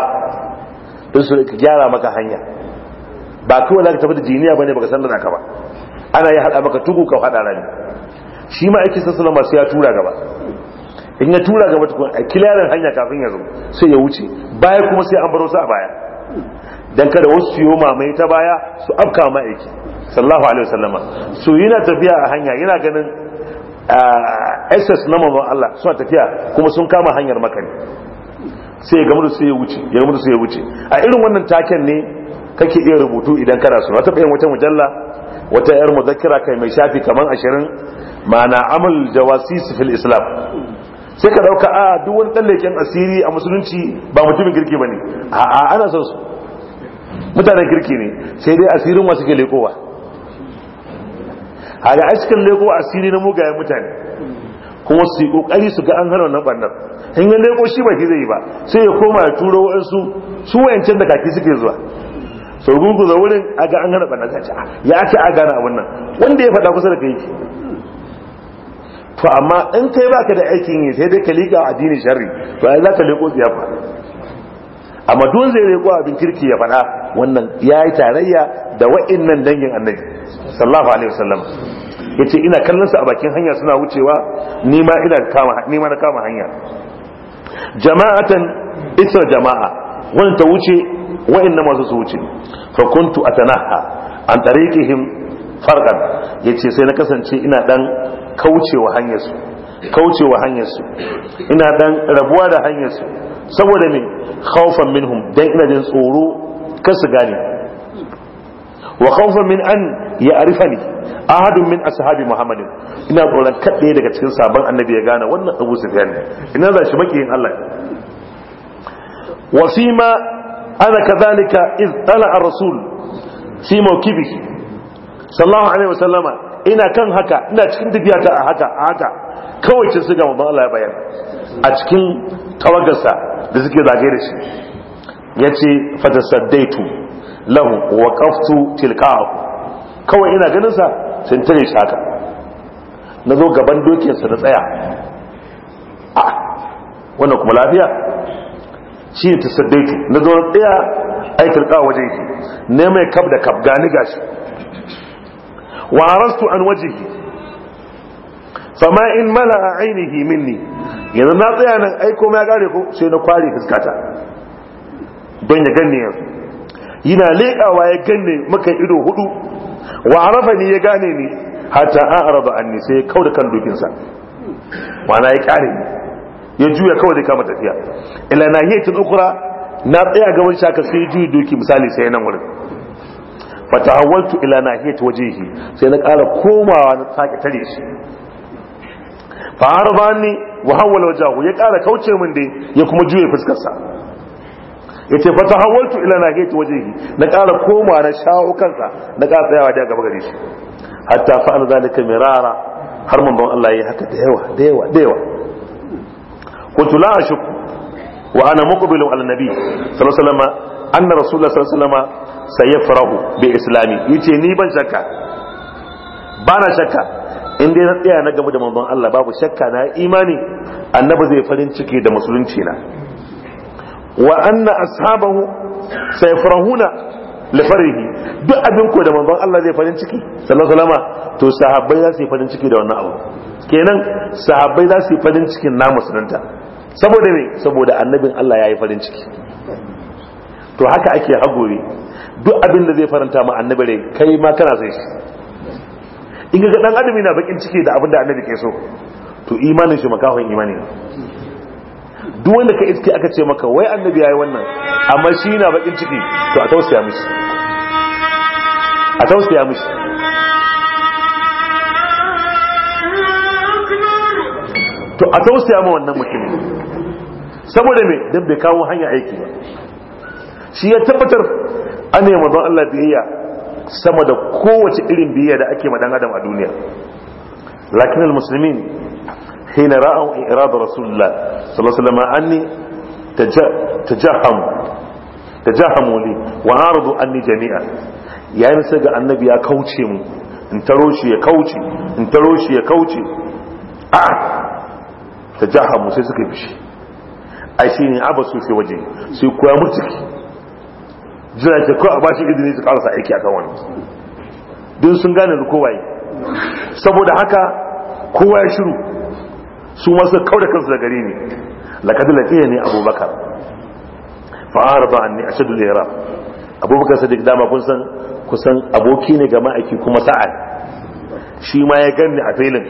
don su gyara maka hanya ba kawai za ka tafi da jiniya ba ne baka san da ka ba ana yi haɗa maka tugu ka haɗa rani. shi ma aiki sassana masu ya tura gaba in ya tura gaba tukun a kilarin hanya kafin ya zo sai ya wuce baya kuma sai an baro su a baya dan kada wasu yi mamaye ta baya su afka ma'aiki Sallahu alaihi wasallama su yana tafiya a hanya yana ganin ss na mazan Allah suna tafiya kuma sun kama hanyar makani sai ya gamu da su ya wuce a irin wannan taken ne kake iya rubutu idan kana suna, ta bayan wata mujalla wata yar zakira, kai mai shafi kaman ashirin, mana amal jawasi, fil islam sai ka dauka a ah, duk wani asiri a musulunci ba mutumin kirki ba ne, a ana son su mutanen girki ne sai dai asirin masu ke lekowa hada askin leko asiri na mugayen mutane kuma su yi kokari su ga an hana wannan bannan in ya leko shi bai zai yi ba sai ya koma ya turo wa'ansu su wayancin da kaki suke zuwa so gugu da wurin a ga an hana bannan ta ah, ya ce a gana abin nan wanda ya faɗa kusa da kai ke. to amma in kai baka da aikin yi sai dai ka liƙa addini sharri to ai za ka leko tsiyafa amma don zai leko abin kirki ya faɗa wannan ya yi tarayya da wa'innan dangin annabi sallallahu alaihi wasallam yace ina kallon su a bakin hanya suna wucewa ni ma ina kama ni ma na kama hanya jama'atan isa jama'a wani ta wuce wa'anna masu su wuce fa kuntu atanaha an tariqihim farqan yace sai na kasance ina dan kaucewa hanyar su kaucewa hanyar su ina dan rabuwa da hanyar su saboda ne khaufan minhum dan ina jin tsoro kar su gane wa min an ya'rifani ahadun min ashabi muhammadin ina tsoron kaɗe daga cikin sabon annabi ya gane wannan abu sufyan ne ina za shi makiyin allah wa ana kadhalika iz tala ar-rasul fi kibi sallallahu alaihi wasallama ina kan haka ina cikin tafiya a haka a haka kawai kin suga manzon Allah ya bayyana a cikin tawagarsa da suke zagaye da shi yace fatasaddaitu lahu wa qaftu tilqahu kawai ina ganin sa sun tare shi haka na zo gaban dokinsa na tsaya a wannan kuma lafiya shi ne ta saddaitu na zo na tsaya yi kawo waje yake ne mai kab da kab gani gashi wa rastu an waje fama in mala a ainihi minni yanzu na tsaya nan aiko ma ya kare ko sai na kware fuskata don ya ganni yanzu yana leƙawa ya ganne maka ido hudu wa arafa ni ya gane ni hatta an araba anni sai ya kauda kan dukinsa ma'ana ya kare ya juya kawai da kama tafiya ila na tun ukura na tsaya wani shaka sai ya juya doki misali sai nan wurin fatahawaltu ila na wajen shi sai na ƙara komawa na sake tare shi fa ba wa hawala wajahu ya ƙara kauce min dai ya kuma juya fuskarsa. yace fa tahawaltu ila nahiyati wajhihi na ƙara koma na shawo kansa na ƙara tsayawa da gaba gare shi hatta fa'al zalika mirara har mamban Allah yayi haka da yawa da yawa da yawa kuntu la ashku wa ana muqbilu ala nabi sallallahu alaihi wasallam anna rasulullah sallallahu alaihi wasallam sayafrahu bi islami yace ni ban shakka bana shakka in dai na tsaya na gaba da mamban Allah babu shakka na imani annabi zai farin ciki da musulunci na wa anna ashabahu sayafrahuna li farihi duk abin ko da manzon Allah zai farin ciki sallallahu alaihi to sahabbai za su yi farin ciki da wannan abu kenan sahabbai za su yi farin cikin na musulunta saboda me saboda annabin Allah ya yi farin ciki to haka ake hagore duk abin da zai faranta ma annabi rai kai ma kana sai shi in ga dan adami na bakin ciki da abin da annabi ke so to imanin shi makahon imani ne duk wanda ka iske aka ce maka wai annabi yayi wannan amma shi na bakin ciki to a tausaya mishi a tausaya mishi to a tausaya ma wannan mutumin saboda me dan bai kawo hanya aiki ba shi ya tabbatar an yi mazan Allah biyayya sama da kowace irin biyayya da ake dan adam a duniya lakin al-muslimin hina ra'au irada rasulullah sallallahu alaihi wasallam anni tajahham tajahamu li wa aradu anni jami'a yayin ga annabi ya kauce mu in taro shi ya kauce in a tajahamu sai suka fishi ai shi ne abasu fi waje sai koya mu ciki jira bashi izini su karasa aiki a wannan dun sun gane da kowaye saboda haka kowa ya shiru su ma suka kaura kansu da gare ni laqad ne, abubakar fa arada anni ashadu al-iraq abubakar sadiq dama kun san kusan aboki ne ga ma'aiki kuma sa'ad shi ma ya ganni a filin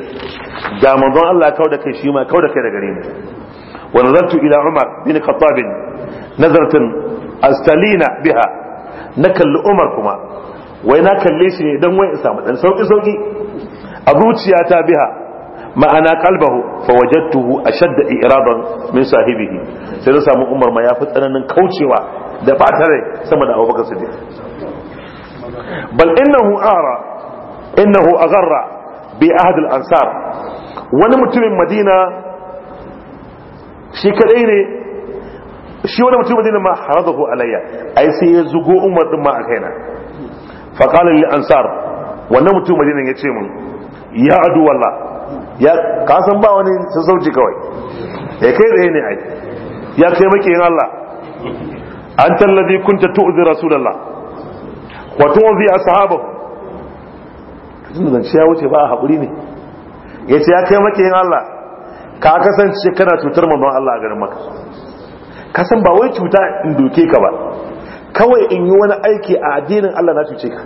Ga manzon Allah kau da kai shi ma kau da kai da gari ne. wa nazartu ila umar bin khattab Nazartin astalina biha na kalli umar kuma wai na kalle shi ne dan wai in samu dan sauki sauki a zuciyata biha ma'ana kalbahu fa wajadtuhu ashadda i'raban min sahibihi sai na samu Umar ma yafi tsananin kaucewa da ba batare sama da Abubakar Siddiq bal innahu ara innahu agarra bi ahd al-ansar wani mutumin Madina shi kadai ne shi wani mutumin Madina ma haradahu alayya ai sai ya zugo Umar din ma a kaina fa qala lil ansar wannan mutumin Madina ya ce min ya adu wallah ya kasan ba wani sassauci kawai ya kai da ne ai ya kai yin Allah an tallabi kunta tu'zi rasulullah wa tu'zi ashabu tun da ya wuce ba haƙuri ne Ya ce ya kai yin Allah ka kasance kana cutar manzon Allah a garin maka kasan ba wai cuta in doke ka ba kawai in yi wani aiki a addinin Allah na cuce ka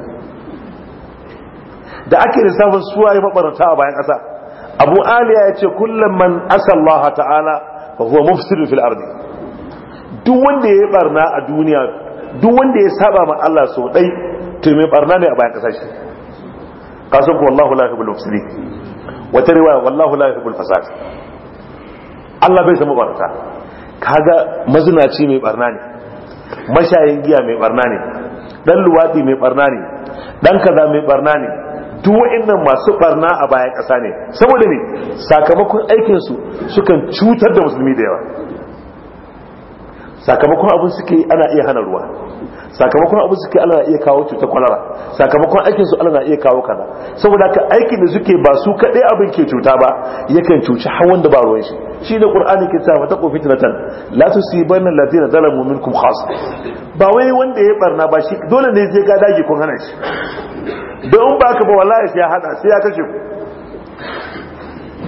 da ake lissafin suwaye mabarata a bayan ƙasa abu aliya ya ce kullum man asallaha ta'ala fa huwa mufsidun fil ardi duk wanda ya yi barna a duniya duk wanda ya saba ma Allah so dai to mai barna ne a bayan kasashe kasu ku wallahu la yuhibbul mufsidin wata riwaya wallahu la yuhibbul fasad Allah bai samu barna kaga mazinaci mai barna ne mashayin giya mai barna ne dan luwadi mai barna ne dan kaza mai barna ne duk wa'annan masu barna a bayan ƙasa ne saboda ne sakamakon aikinsu sukan cutar da musulmi da yawa sakamakon abin suke ana iya hana ruwa sakamakon abin suke ana iya kawo cuta kwalara sakamakon aikin su ana iya kawo kaza saboda ka aikin da suke ba su kaɗai abin ke cuta ba yakan cuci har wanda ba ruwan shi shi da qur'ani ke sa mata kofi tinatan la tusibanna allazina zalamu minkum khas ba wai wanda ya barna ba shi dole ne zai ga dage kun hana shi don ba ka ba wallahi sai ya hada sai ya kashe ku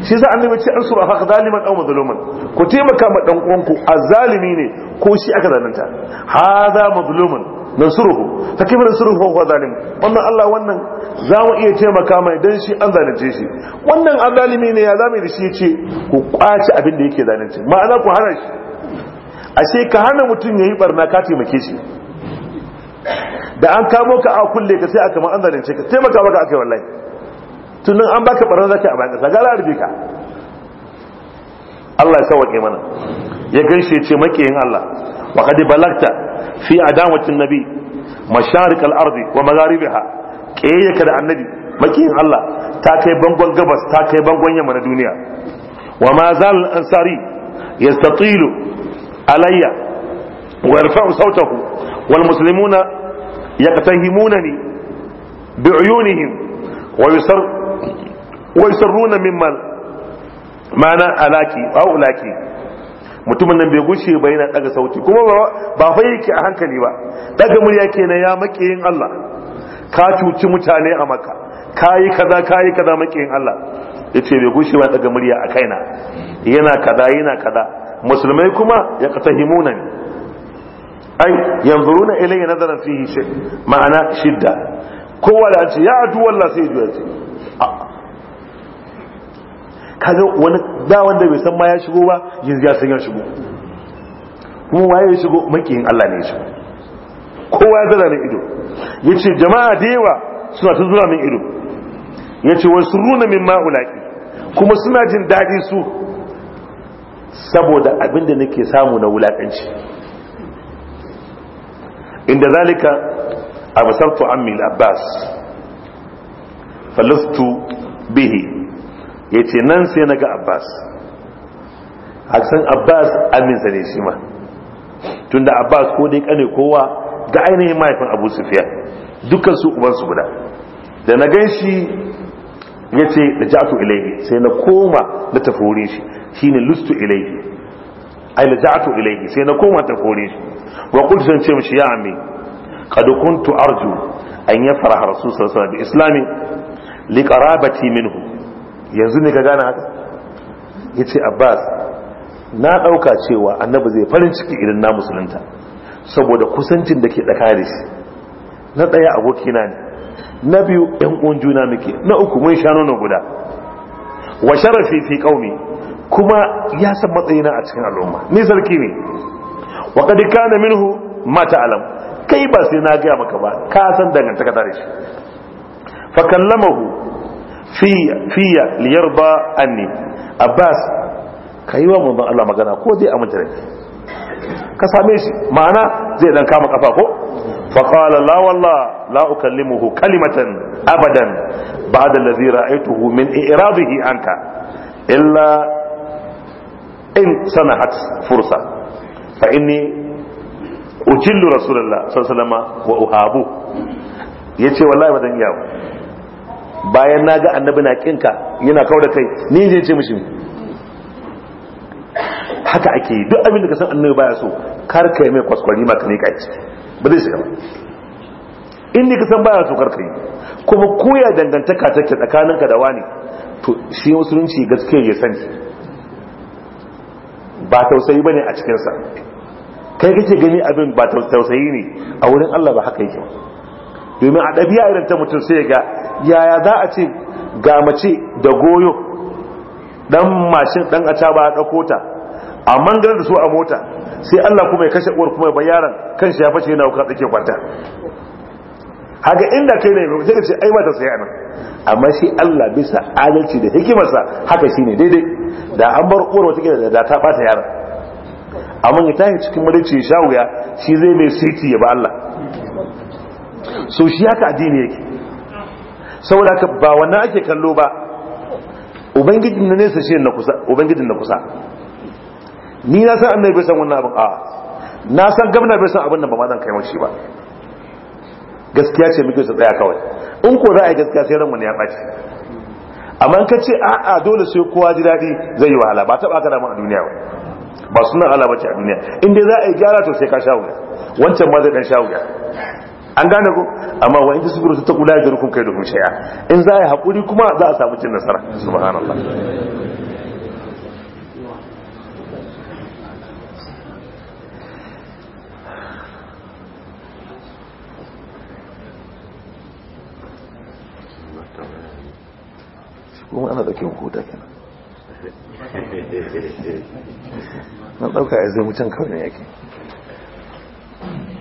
shi za annabi ce an sura haka zaliman aw mazluman ku taimaka ma dan uwanku zalimi ne ko shi aka zalunta hadha mazluman nasuruhu fa kayfa nasuruhu huwa zalim wannan Allah wannan za mu iya taimaka mai dan shi an zalunce shi wannan azalimi ne ya zame da shi yace ku kwace abin da yake zalunce ma'ana ku hana shi ashe ka hana mutum yayi barna ka taimake shi da an kamo ka a kulle ka sai a ma an zalunce ka taimaka maka aka yi wallahi tunan an baka barar zaki a bayan ƙasa gara arbe ka Allah ya sawake mana ya gaishe ce makiyin Allah wa qad balagta fi adamatin nabi masharik al-ard wa magharibiha kayyaka da annabi makiyin Allah ta kai bangon gabas ta kai bangon yamma na duniya wa ma zal ansari yastatilu alayya wa yarfa'u sawtahu wal yaqtahimunani bi'uyunihim wa yusar wa yusarruna mimman ma'ana alaki au ulaki mutumin nan bai gushe ba yana daga sauti kuma ba fa yake a hankali ba daga murya kenan ya makiyin Allah ka cuci mutane a maka kayi kaza kayi kaza makiyin Allah yace bai gushe ba daga murya a kaina yana kaza yana kaza musulmai kuma ya katahimuna ne ay yanzuruna ilayya nazaran fihi shi ma'ana shidda kowa da ce ya atu wallah sai juya ce kaza wani da wanda bai san ma ya shigo ba yanzu ya san ya shigo kuma waye ya shigo makiyin Allah ne ya shigo kowa ya zara ido yace jama'a da yawa suna ta zura min ido yace wasu runa min ma'ulaki kuma suna jin daɗi su saboda abinda nake samu na wulakanci inda zalika abasartu ammi al-abbas falastu bihi yace nan sai naga abbas san abbas aminsa ne shi ma tunda abbas ko dai kane kowa ga ainihin mahaifin abu sufiya dukkan su uban su guda da na gan shi ya ce da ja'atu ilaihi sai na koma na tafi wurin shi ne lustu ilaihi ai la ja'atu ilaihi sai na koma tafi wurin shi wa kullu zan ce mishi ya ami kad kuntu arju an yafraha rasul sallallahu alaihi wasallam bi islami li qarabati minhu yanzu ne ka gane haka yace abbas na dauka cewa annabi zai farin ciki idan na musulunta saboda kusancin da ke tsakani shi na daya abokina ne na biyu yan uwan juna muke na uku mun sha nono guda wa sharafi fi qaumi kuma ya san matsayina a cikin al'umma ni sarki ne waka duk kana minhu mata alam kai ba sai na gaya maka ba ka san dangantaka tare shi fa kallamahu fiya fiya li yarda anni abbas kai wa magana ko dai amince ka same shi ma'ana zai ɗan kama kafa ko fa qala la la ukallimuhu kalimatan abadan ba'da alladhi ra'aytuhu min iradihi anka illa in sanahat fursa fa inni ujillu rasulullah sallallahu alaihi wa uhabu yace wallahi bazan iya bayan naga annabi na kinka yana da kai ni je ce mishi haka ake duk abin da ka san annabi baya so kar kai mai kwaskwari maka ne kai ba zai shiga ba inda ka san baya so kar kai kuma koya dangantaka take tsakaninka da wani to shi musulunci gaskiya ya sani ba tausayi bane a cikinsa kai kake gani abin ba tausayi ne a wurin Allah ba haka yake ba domin a ɗabi'a irin ta mutum sai ga yaya za a ce ga mace da goyo dan mashin dan a ba a ɗauko ta a mangar da su a mota sai Allah kuma ya kashe uwar kuma ya bayaran shi ya fashe yana wuka tsake kwanta haka inda kai ne mai ce ai ba ta sai anan amma shi Allah bisa adalci da hikimarsa haka shine daidai da an bar uwar wata da ta bata yaran amma ya tashi cikin maraice ya sha wuya shi zai mai siti ya ba Allah so shi haka addini yake saboda haka ba wannan ake kallo ba ubangijin na nesa shi na kusa ubangijin na kusa ni na san annabi bai san wannan abin a na san gwamna bai san abin da ba ma zan kai mashi ba gaskiya ce muke su tsaya kawai in ko za a yi gaskiya sai ran wani ya ɓaci amma in ka ce a'a dole sai kowa ji daɗi zai yi wahala ba taɓa ka damar a duniya ba ba suna Allah bace a duniya inda za a yi gyara to sai ka sha wuya wancan ma zai dan sha wuya an gane ko amma wa in su ta kula da rukun kai da kun shaya in za a yi hakuri kuma za a samu cin nasara subhanallah kuma ana da kyau huta kenan na ɗauka ya zai mutum kawai yake hmm,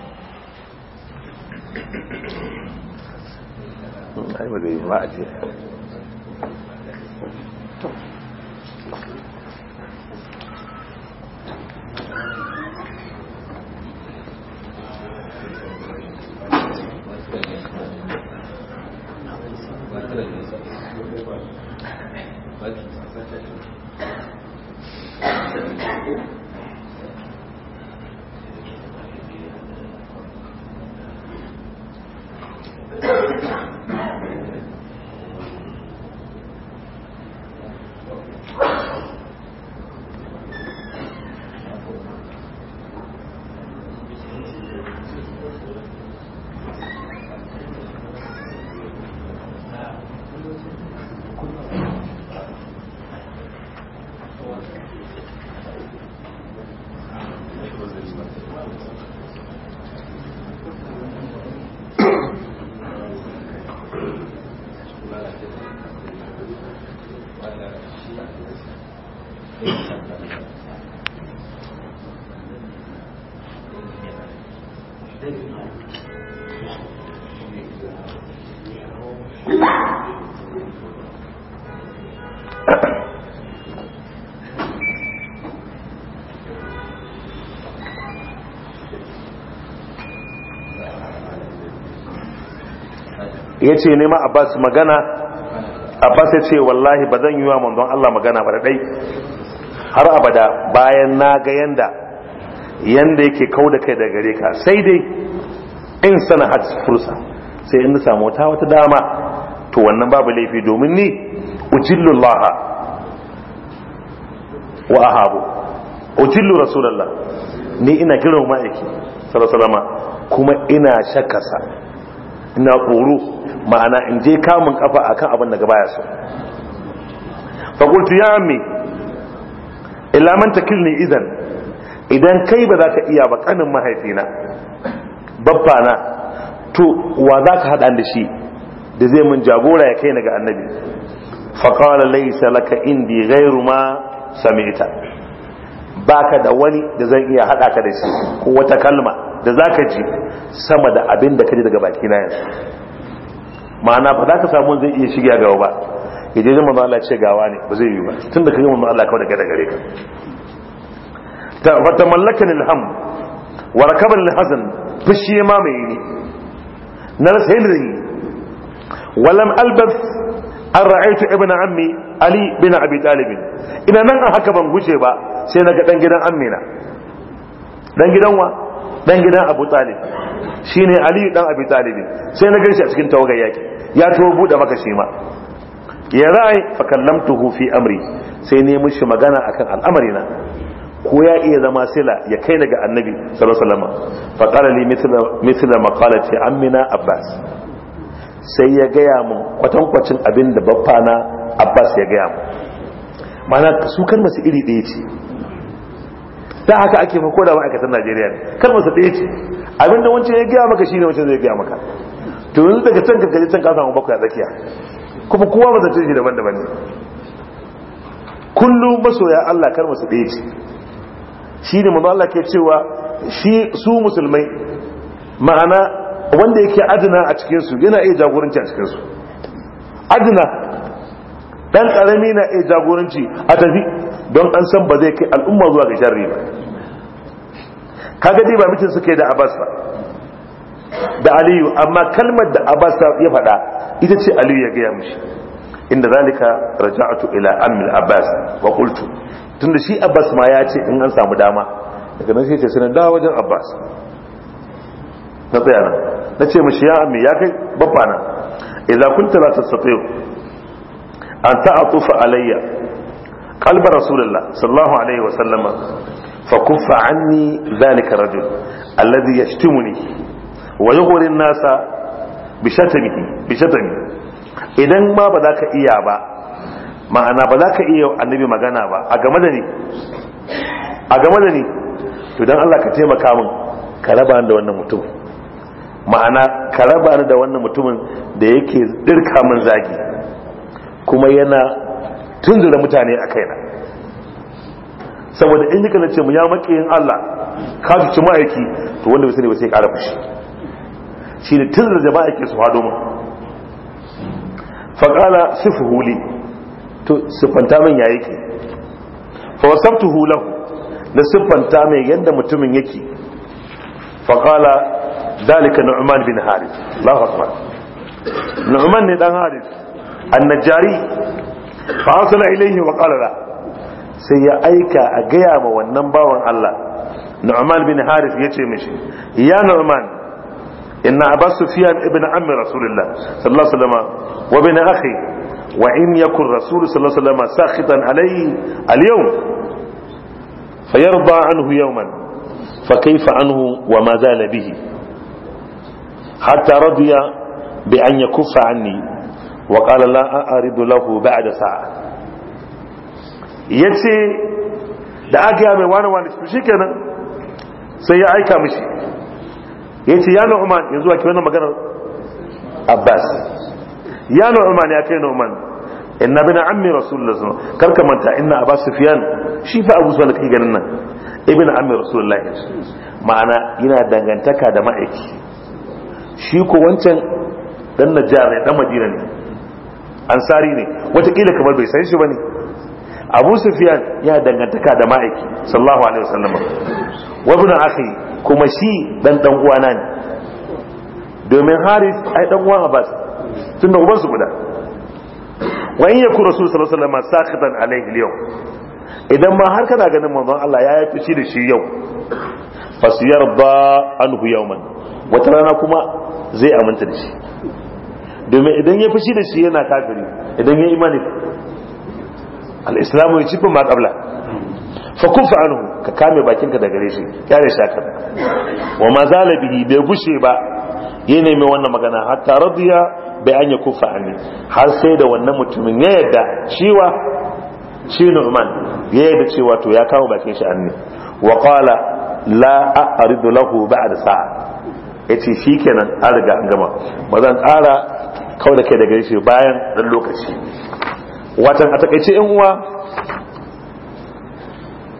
ai ba zai yi ma'aji ya ce nema abbas magana abbas ya ce wallahi ba zan yi wa manzon allah magana ba da ɗai har abada bayan na ga yanda yanda yake kau da kai da gare ka sai dai in sana hajj fursa sai in samu wata wata dama to wannan babu laifi domin ni laha. wa ahabu ujillu rasulullah ni ina kiran ma'aiki sallallahu alaihi kuma ina shakasa ina tsoro ma'ana in je kamun kafa akan abin da gaba ya so fakultu ya ammi illa man idan idan kai ba za ka iya ba kanin mahaifina babba na to wa za ka haɗa da shi da zai mun jagora ya kai na ga annabi faƙawar laisa laka indi gairu ma samita baka da wani da zan iya haɗa ka da shi ko wata kalma da za ka ji sama da abin da ka ji daga baki na yanzu ma'ana ba za ka samu zai iya shiga gawa ba ya je manzo Allah ce gawa ne ba zai yi ba tun da kaga manzo Allah kawai daga gare ka ta fata mallakan ilham wa rakaba alhazan fushi ma mai ni na rasa yin zai walam albas an ra'aitu ibn ammi ali bin abi talib ina nan an haka ban guje ba sai naga dan gidan Ammi na, dan gidan wa dan gidan abu talib shine ali dan abi talib sai na gaishe a cikin tawagar yaki ya to bude maka shi ma ya ra'ayi fa kallamtuhu fi amri sai ne mushi magana akan al'amari na ko ya iya zama sila ya kai daga annabi sallallahu alaihi wasallam fa qala li mithla maqalati abbas sai ya gaya mun kwatankwacin abin da baffana abbas ya gaya mu mana su kalmar su iri ɗaya ce da haka ake fa ko da ma'aikatan najeriya ne kalmar su ɗaya ce abin da wancan ya gaya maka shine wancan zai gaya maka to yanzu daga can kankan can ka samu bakwai a tsakiya kuma kowa ba zai shi daban-daban ne kullum masoya Allah kar musu ɗaya ce shi ne mu Allah ke cewa shi su musulmai ma'ana wanda yake adina a cikinsu yana iya jagoranci a cikinsu. su adina dan karami na iya jagoranci a tafi don an san ba zai kai al'umma zuwa ga sharri ba kaga dai ba mutum suke da Abbas ba da aliyu amma kalmar da abbas ya faɗa ita ce aliyu ya gaya mashi, inda zalika raja'atu ila ammil abbas wa qultu tunda shi abbas ma ya ce in an samu dama daga nan sai ce sanin da wajen abbas na tsaya nan na ce mashi ya ammi ya kai babba na idza kunta la tastati an ta'atufa alayya qalba rasulullah sallallahu alaihi wa sallama fa kuffa anni zalika rajul alladhi yashtimuni wa yuhurin nasa bishatami bishatami idan ma ba za ka iya ba ma'ana ba za ka iya annabi magana ba a game da ni a game da ni to don Allah ka taimaka min ka raba da wannan mutum ma'ana ka raba da wannan mutumin da yake dirka min zagi kuma yana tunzura mutane a kaina saboda in yi kanace ce mu ya maƙiyin Allah ka ci ma'aiki to wanda bai sani ba sai ya ƙara fushi shi ne tun da jama'a ke su faɗo mu faƙala sifu huli to siffanta min ya yake fa wasabtu hulahu na siffanta mai yadda mutumin yake faƙala dalika nu'man bin haris Allahu akbar nu'man ne dan haris annajari fa asala ilayhi wa qala la sai ya aika a gaya ma wannan bawan Allah Nu'man bin Harith ya ce mishi ya Nu'man إن أبا سفيان ابن عم رسول الله صلى الله عليه وسلم وابن أخي وإن يكن رسول صلى الله عليه وسلم ساخطا عليه اليوم فيرضى عنه يوما فكيف عنه وما زال به حتى رضي بأن يكف عني وقال لا أعرض له بعد ساعة yace da aka yi mai wani wani shi kenan sai ya aika mishi ya ce ya nu'man yanzu ake wannan maganar abbas ya nu'man ya kai nu'man inna bin ammi rasulullah sallallahu alaihi karka manta inna abbas sufiyan shi fa abu sufyan kai ganin nan ibn ammi rasulullah ma'ana yana dangantaka da ma'aiki shi ko wancan dan najjar ne dan madina ne ansari ne watakila kamar bai san shi ba ne? abu sufiyan ya dangantaka da ma'aiki sallallahu alaihi wasallam wa ibn akhi kuma shi dan dan uwana ne domin haris ai dan uwan abbas tunda uban su guda wa in yakun rasul sallallahu alaihi wasallam sakitan alaihi yau idan ma har kana ganin manzon Allah ya yi shi da shi yau fasiyarda anhu yawman wata rana kuma zai aminta da shi domin idan ya fushi da shi yana kafiri idan ya imani al-islamu ya cikin ma kabla fa kufa anhu ka kame bakinka daga gare shi kyare shakar wa ma zala bihi bai gushe ba ya nemi wannan magana hatta radiya bai an ya kufa anni har sai da wannan mutumin ya yarda cewa shi Nu'man ya yarda cewa to ya kawo bakin shi anni wa qala la a'ridu lahu ba'da sa'a yace shikenan an riga an gama ba zan ƙara kau da kai daga shi bayan dan lokaci watan a takaice yan uwa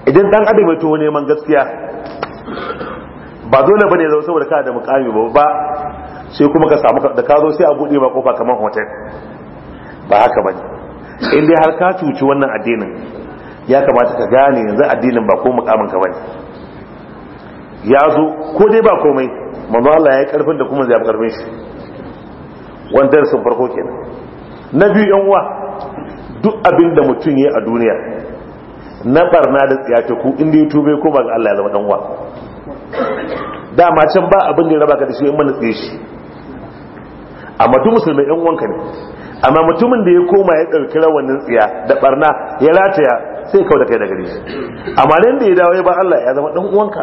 idan dan adam ya tuwo neman gaskiya ba dole bane zo saboda ka da mukami ba ba sai kuma ka samu da ka zo sai a bude ma kofa kamar hotel ba haka bane in dai har ka cuci wannan addinin ya kamata ka gane yanzu addinin ba ko mukamin ka bane ya zo ko dai ba komai manzo Allah ya yi karfin da kuma zai yi karfin shi wanda sun farko kenan na biyu yan uwa duk abin da mutum ya yi a duniya na barna da tsiyata ku inda ya tube ko ba ga Allah ya zama dan dama can ba abin da ya raba ka da shi in mana tsaye shi amma duk musulmai yan uwanka ne amma mutumin da ya koma ya ɗauki rawanin tsiya da barna ya rataya sai kawo da kai da gare amma nan da ya dawo ya ba Allah ya zama dan uwanka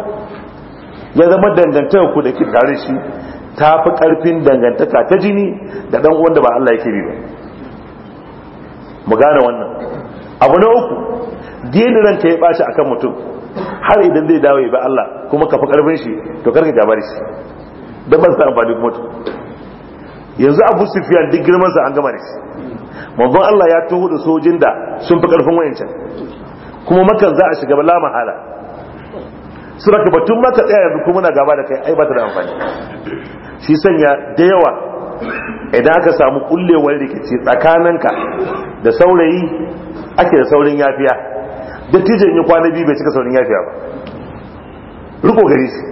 ya zama dangantaka ku da ke tare shi ta fi ƙarfin dangantaka ta jini da dan uwan da ba Allah yake bi ba mu gane wannan abu na uku dinin ta ya ɓaci akan mutum har idan zai dawo ya bi Allah kuma ka fi karfin shi to karka gaba da shi don ban sa amfani kuma to yanzu abu sufiyan duk girman sa an gama da shi manzon Allah ya tuhu da sojin da sun fi karfin wayancan kuma makan za a shiga ba la mahala su raka batun maka tsaya yanzu kuma na gaba da kai ai ba ta da amfani shi sanya da yawa idan aka samu kullewar rikici tsakaninka da saurayi ake da saurin yafiya dattijan ya kwana biyu bai cika saurin yafiya ba riko gari su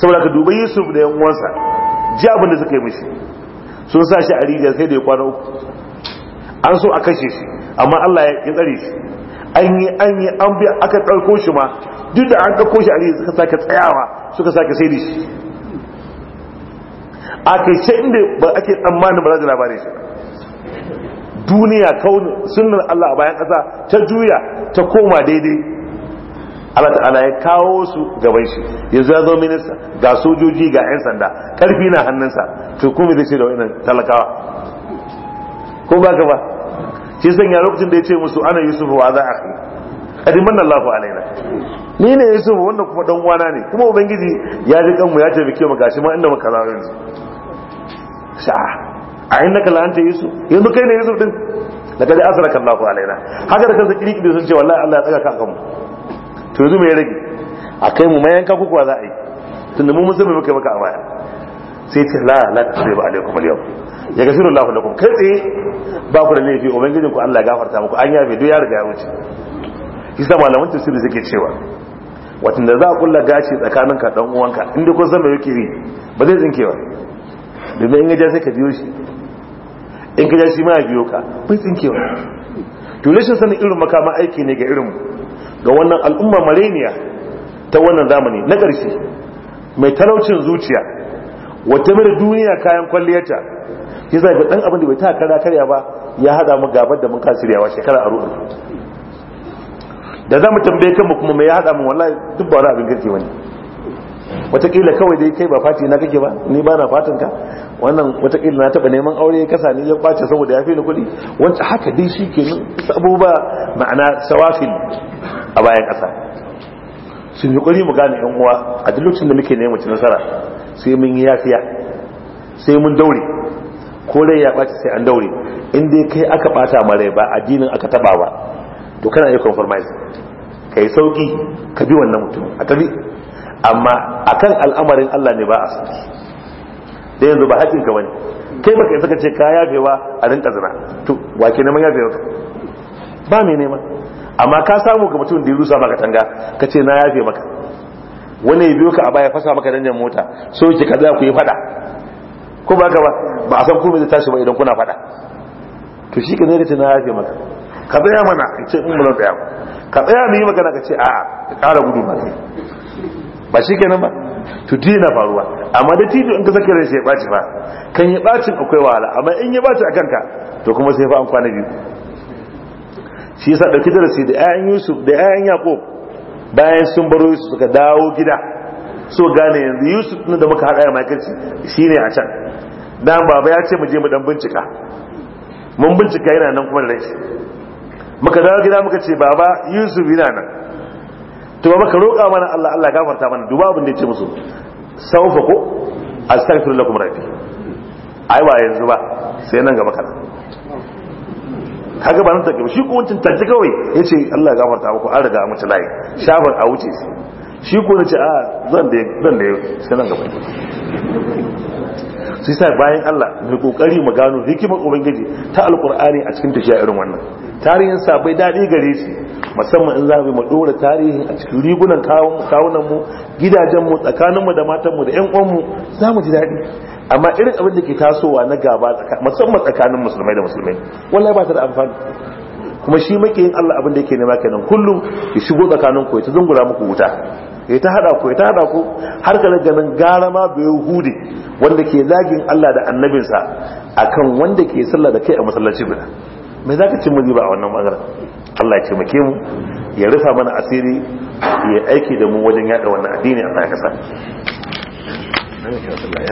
saboda ka duba yusuf da yan ji abin da suka yi mishi sun sa shi a rijiyar sai da ya kwana uku an so a kashe shi amma allah ya tsare shi an yi an yi an biya aka ɗauko shi ma duk da an ɗauko shi a rijiyar suka sake tsayawa suka sake sai da shi a kai inda ba ake tsammanin ba za ta labarai shi ba duniya kaunin sunan Allah a bayan ƙasa ta juya ta koma daidai Allah ta'ala ya kawo su gaban shi yanzu ya zo minista ga sojoji ga 'yan sanda karfi na hannunsa to kuma zai ce da wannan talakawa ko ba gaba shi sanya lokacin da ya ce musu ana yusuf wa za a kai kadi manna Allahu alaina ni ne yusuf wanda kuma dan uwana ne kuma ubangiji ya ji kanmu ya taimake ma gashi ma inda muka zawo yanzu sha'a a innaka ka anta yusuf yanzu kai ne yusuf din laqad asraka Allahu alaina haka da kansa kiriki da sun ce wallahi Allah ya tsaka ka kanmu to yanzu me ya rage a kai mu mayanka kuwa za a yi tunda mu musulmi muka maka a baya sai ce la la ba alaikum alyawm yawm ya gafiru Allahu lakum kai tsaye ba ku da laifi ubangijin ku Allah ya gafarta muku an yafe duk ya riga ya wuce yasa malaman tafsiri suke cewa watan da za a kulla gashi tsakaninka dan uwanka inda kun san me yake yi ba zai tsinkewa domin in ya ja sai ka biyo shi in ka jashi mai biyo ka mai tsinkewa to sanin irin makama aiki ne ga irin ga wannan al'umma mareniya ta wannan zamani na ƙarshe mai talaucin zuciya wata mara duniya kayan kwalliyarta ya zai gudan ɗan abin da bai ta kara karya ba ya haɗa mu gabar da mun kasiriyawa shekara a da za mu tambaye kanmu kuma mai ya haɗa mu wallahi duk ba wani abin gaske wani watakila kawai dai kai ba fati na kake ba ni ba na fatan ka wannan watakila na taba neman aure kasa ni ya kwace saboda ya fi ni kuɗi wanda haka dai shi ke abubuwa ma'ana sawafin a bayan ƙasa sun yi ƙuri mu gane yan uwa a duk lokacin da muke neman ci nasara sai mun yi yafiya sai mun daure ko rai ya kwace sai an daure in dai kai aka ɓata ma ba addinin aka taba ba to kana iya compromise ka sauki ka bi wannan mutum a tabi amma akan al'amarin Allah ne ba a so da yanzu ba haƙin ka wani, kai baka isa ka ce ka yafewa a rinka zina to wa ke neman yafewa ba mai neman amma ka samu ka mutum da ya rusa maka tanga ka ce na yafe maka wani ya biyo ka a baya fasa maka danjan mota so ki kaza ku yi fada ko ba ka ba ba a san kome zai tashi ba idan kuna fada to shi ka ne ka ce na yafe maka ka tsaya mana in ce in mu tsaya ka tsaya mu yi magana ka ce a'a ka ƙara gudu ba ba shi kenan ba tuti na faruwa amma da tv in ka saka rai sai ya ɓaci fa kan ya ɓacin akwai wahala amma in ya ɓaci akan ka, to kuma sai fa an kwana biyu shi yasa dauki darasi da 'ya'yan yusuf da 'ya'yan yaqub bayan sun baro yusuf suka dawo gida so gane yanzu yusuf ne da muka hada ya makarci shi ne a can dan baba ya ce mu je mu dan bincika mun bincika yana nan kuma da rai muka dawo gida muka ce baba yusuf yana nan to ba ka roƙa mana Allah Allah gafarta mana duba abin da ya ce musu saufa ko astaghfiru lakum rabbi ai ba yanzu ba sai nan gaba kana kaga ba nan take shi ko wancan tace kawai yace Allah ya gafarta muku an riga mutu layi shafin a wuce shi shi ko nace a ah, zan da zan da sai nan gaba sai sa bayan Allah mai kokari mu gano hikimar ubangiji ta alqur'ani a cikin tafiya irin wannan tarihin sabai daɗi gare shi musamman in za mu ɗora tarihin a cikin rigunan kawunanmu gidajenmu tsakaninmu da matanmu da ‘yan uwanmu za mu ji daɗi amma irin abin da ke tasowa na gaba musamman tsakanin musulmai da musulmai wallahi ba ta da amfani kuma shi yin Allah abin da yake nema kenan kullum ya shigo tsakanin ku ya ta zungura muku wuta ya ta hada ku ya ta hada ku har ka ganin gara ma bai hude wanda ke zagin Allah da annabinsa akan wanda ke sallah da kai a masallaci guda me za ka ci mu riba a wannan bangaren Allah ya taimake mu ya rufa mana asiri ya aiki da mu wajen yaɗa wannan addini a ya kasa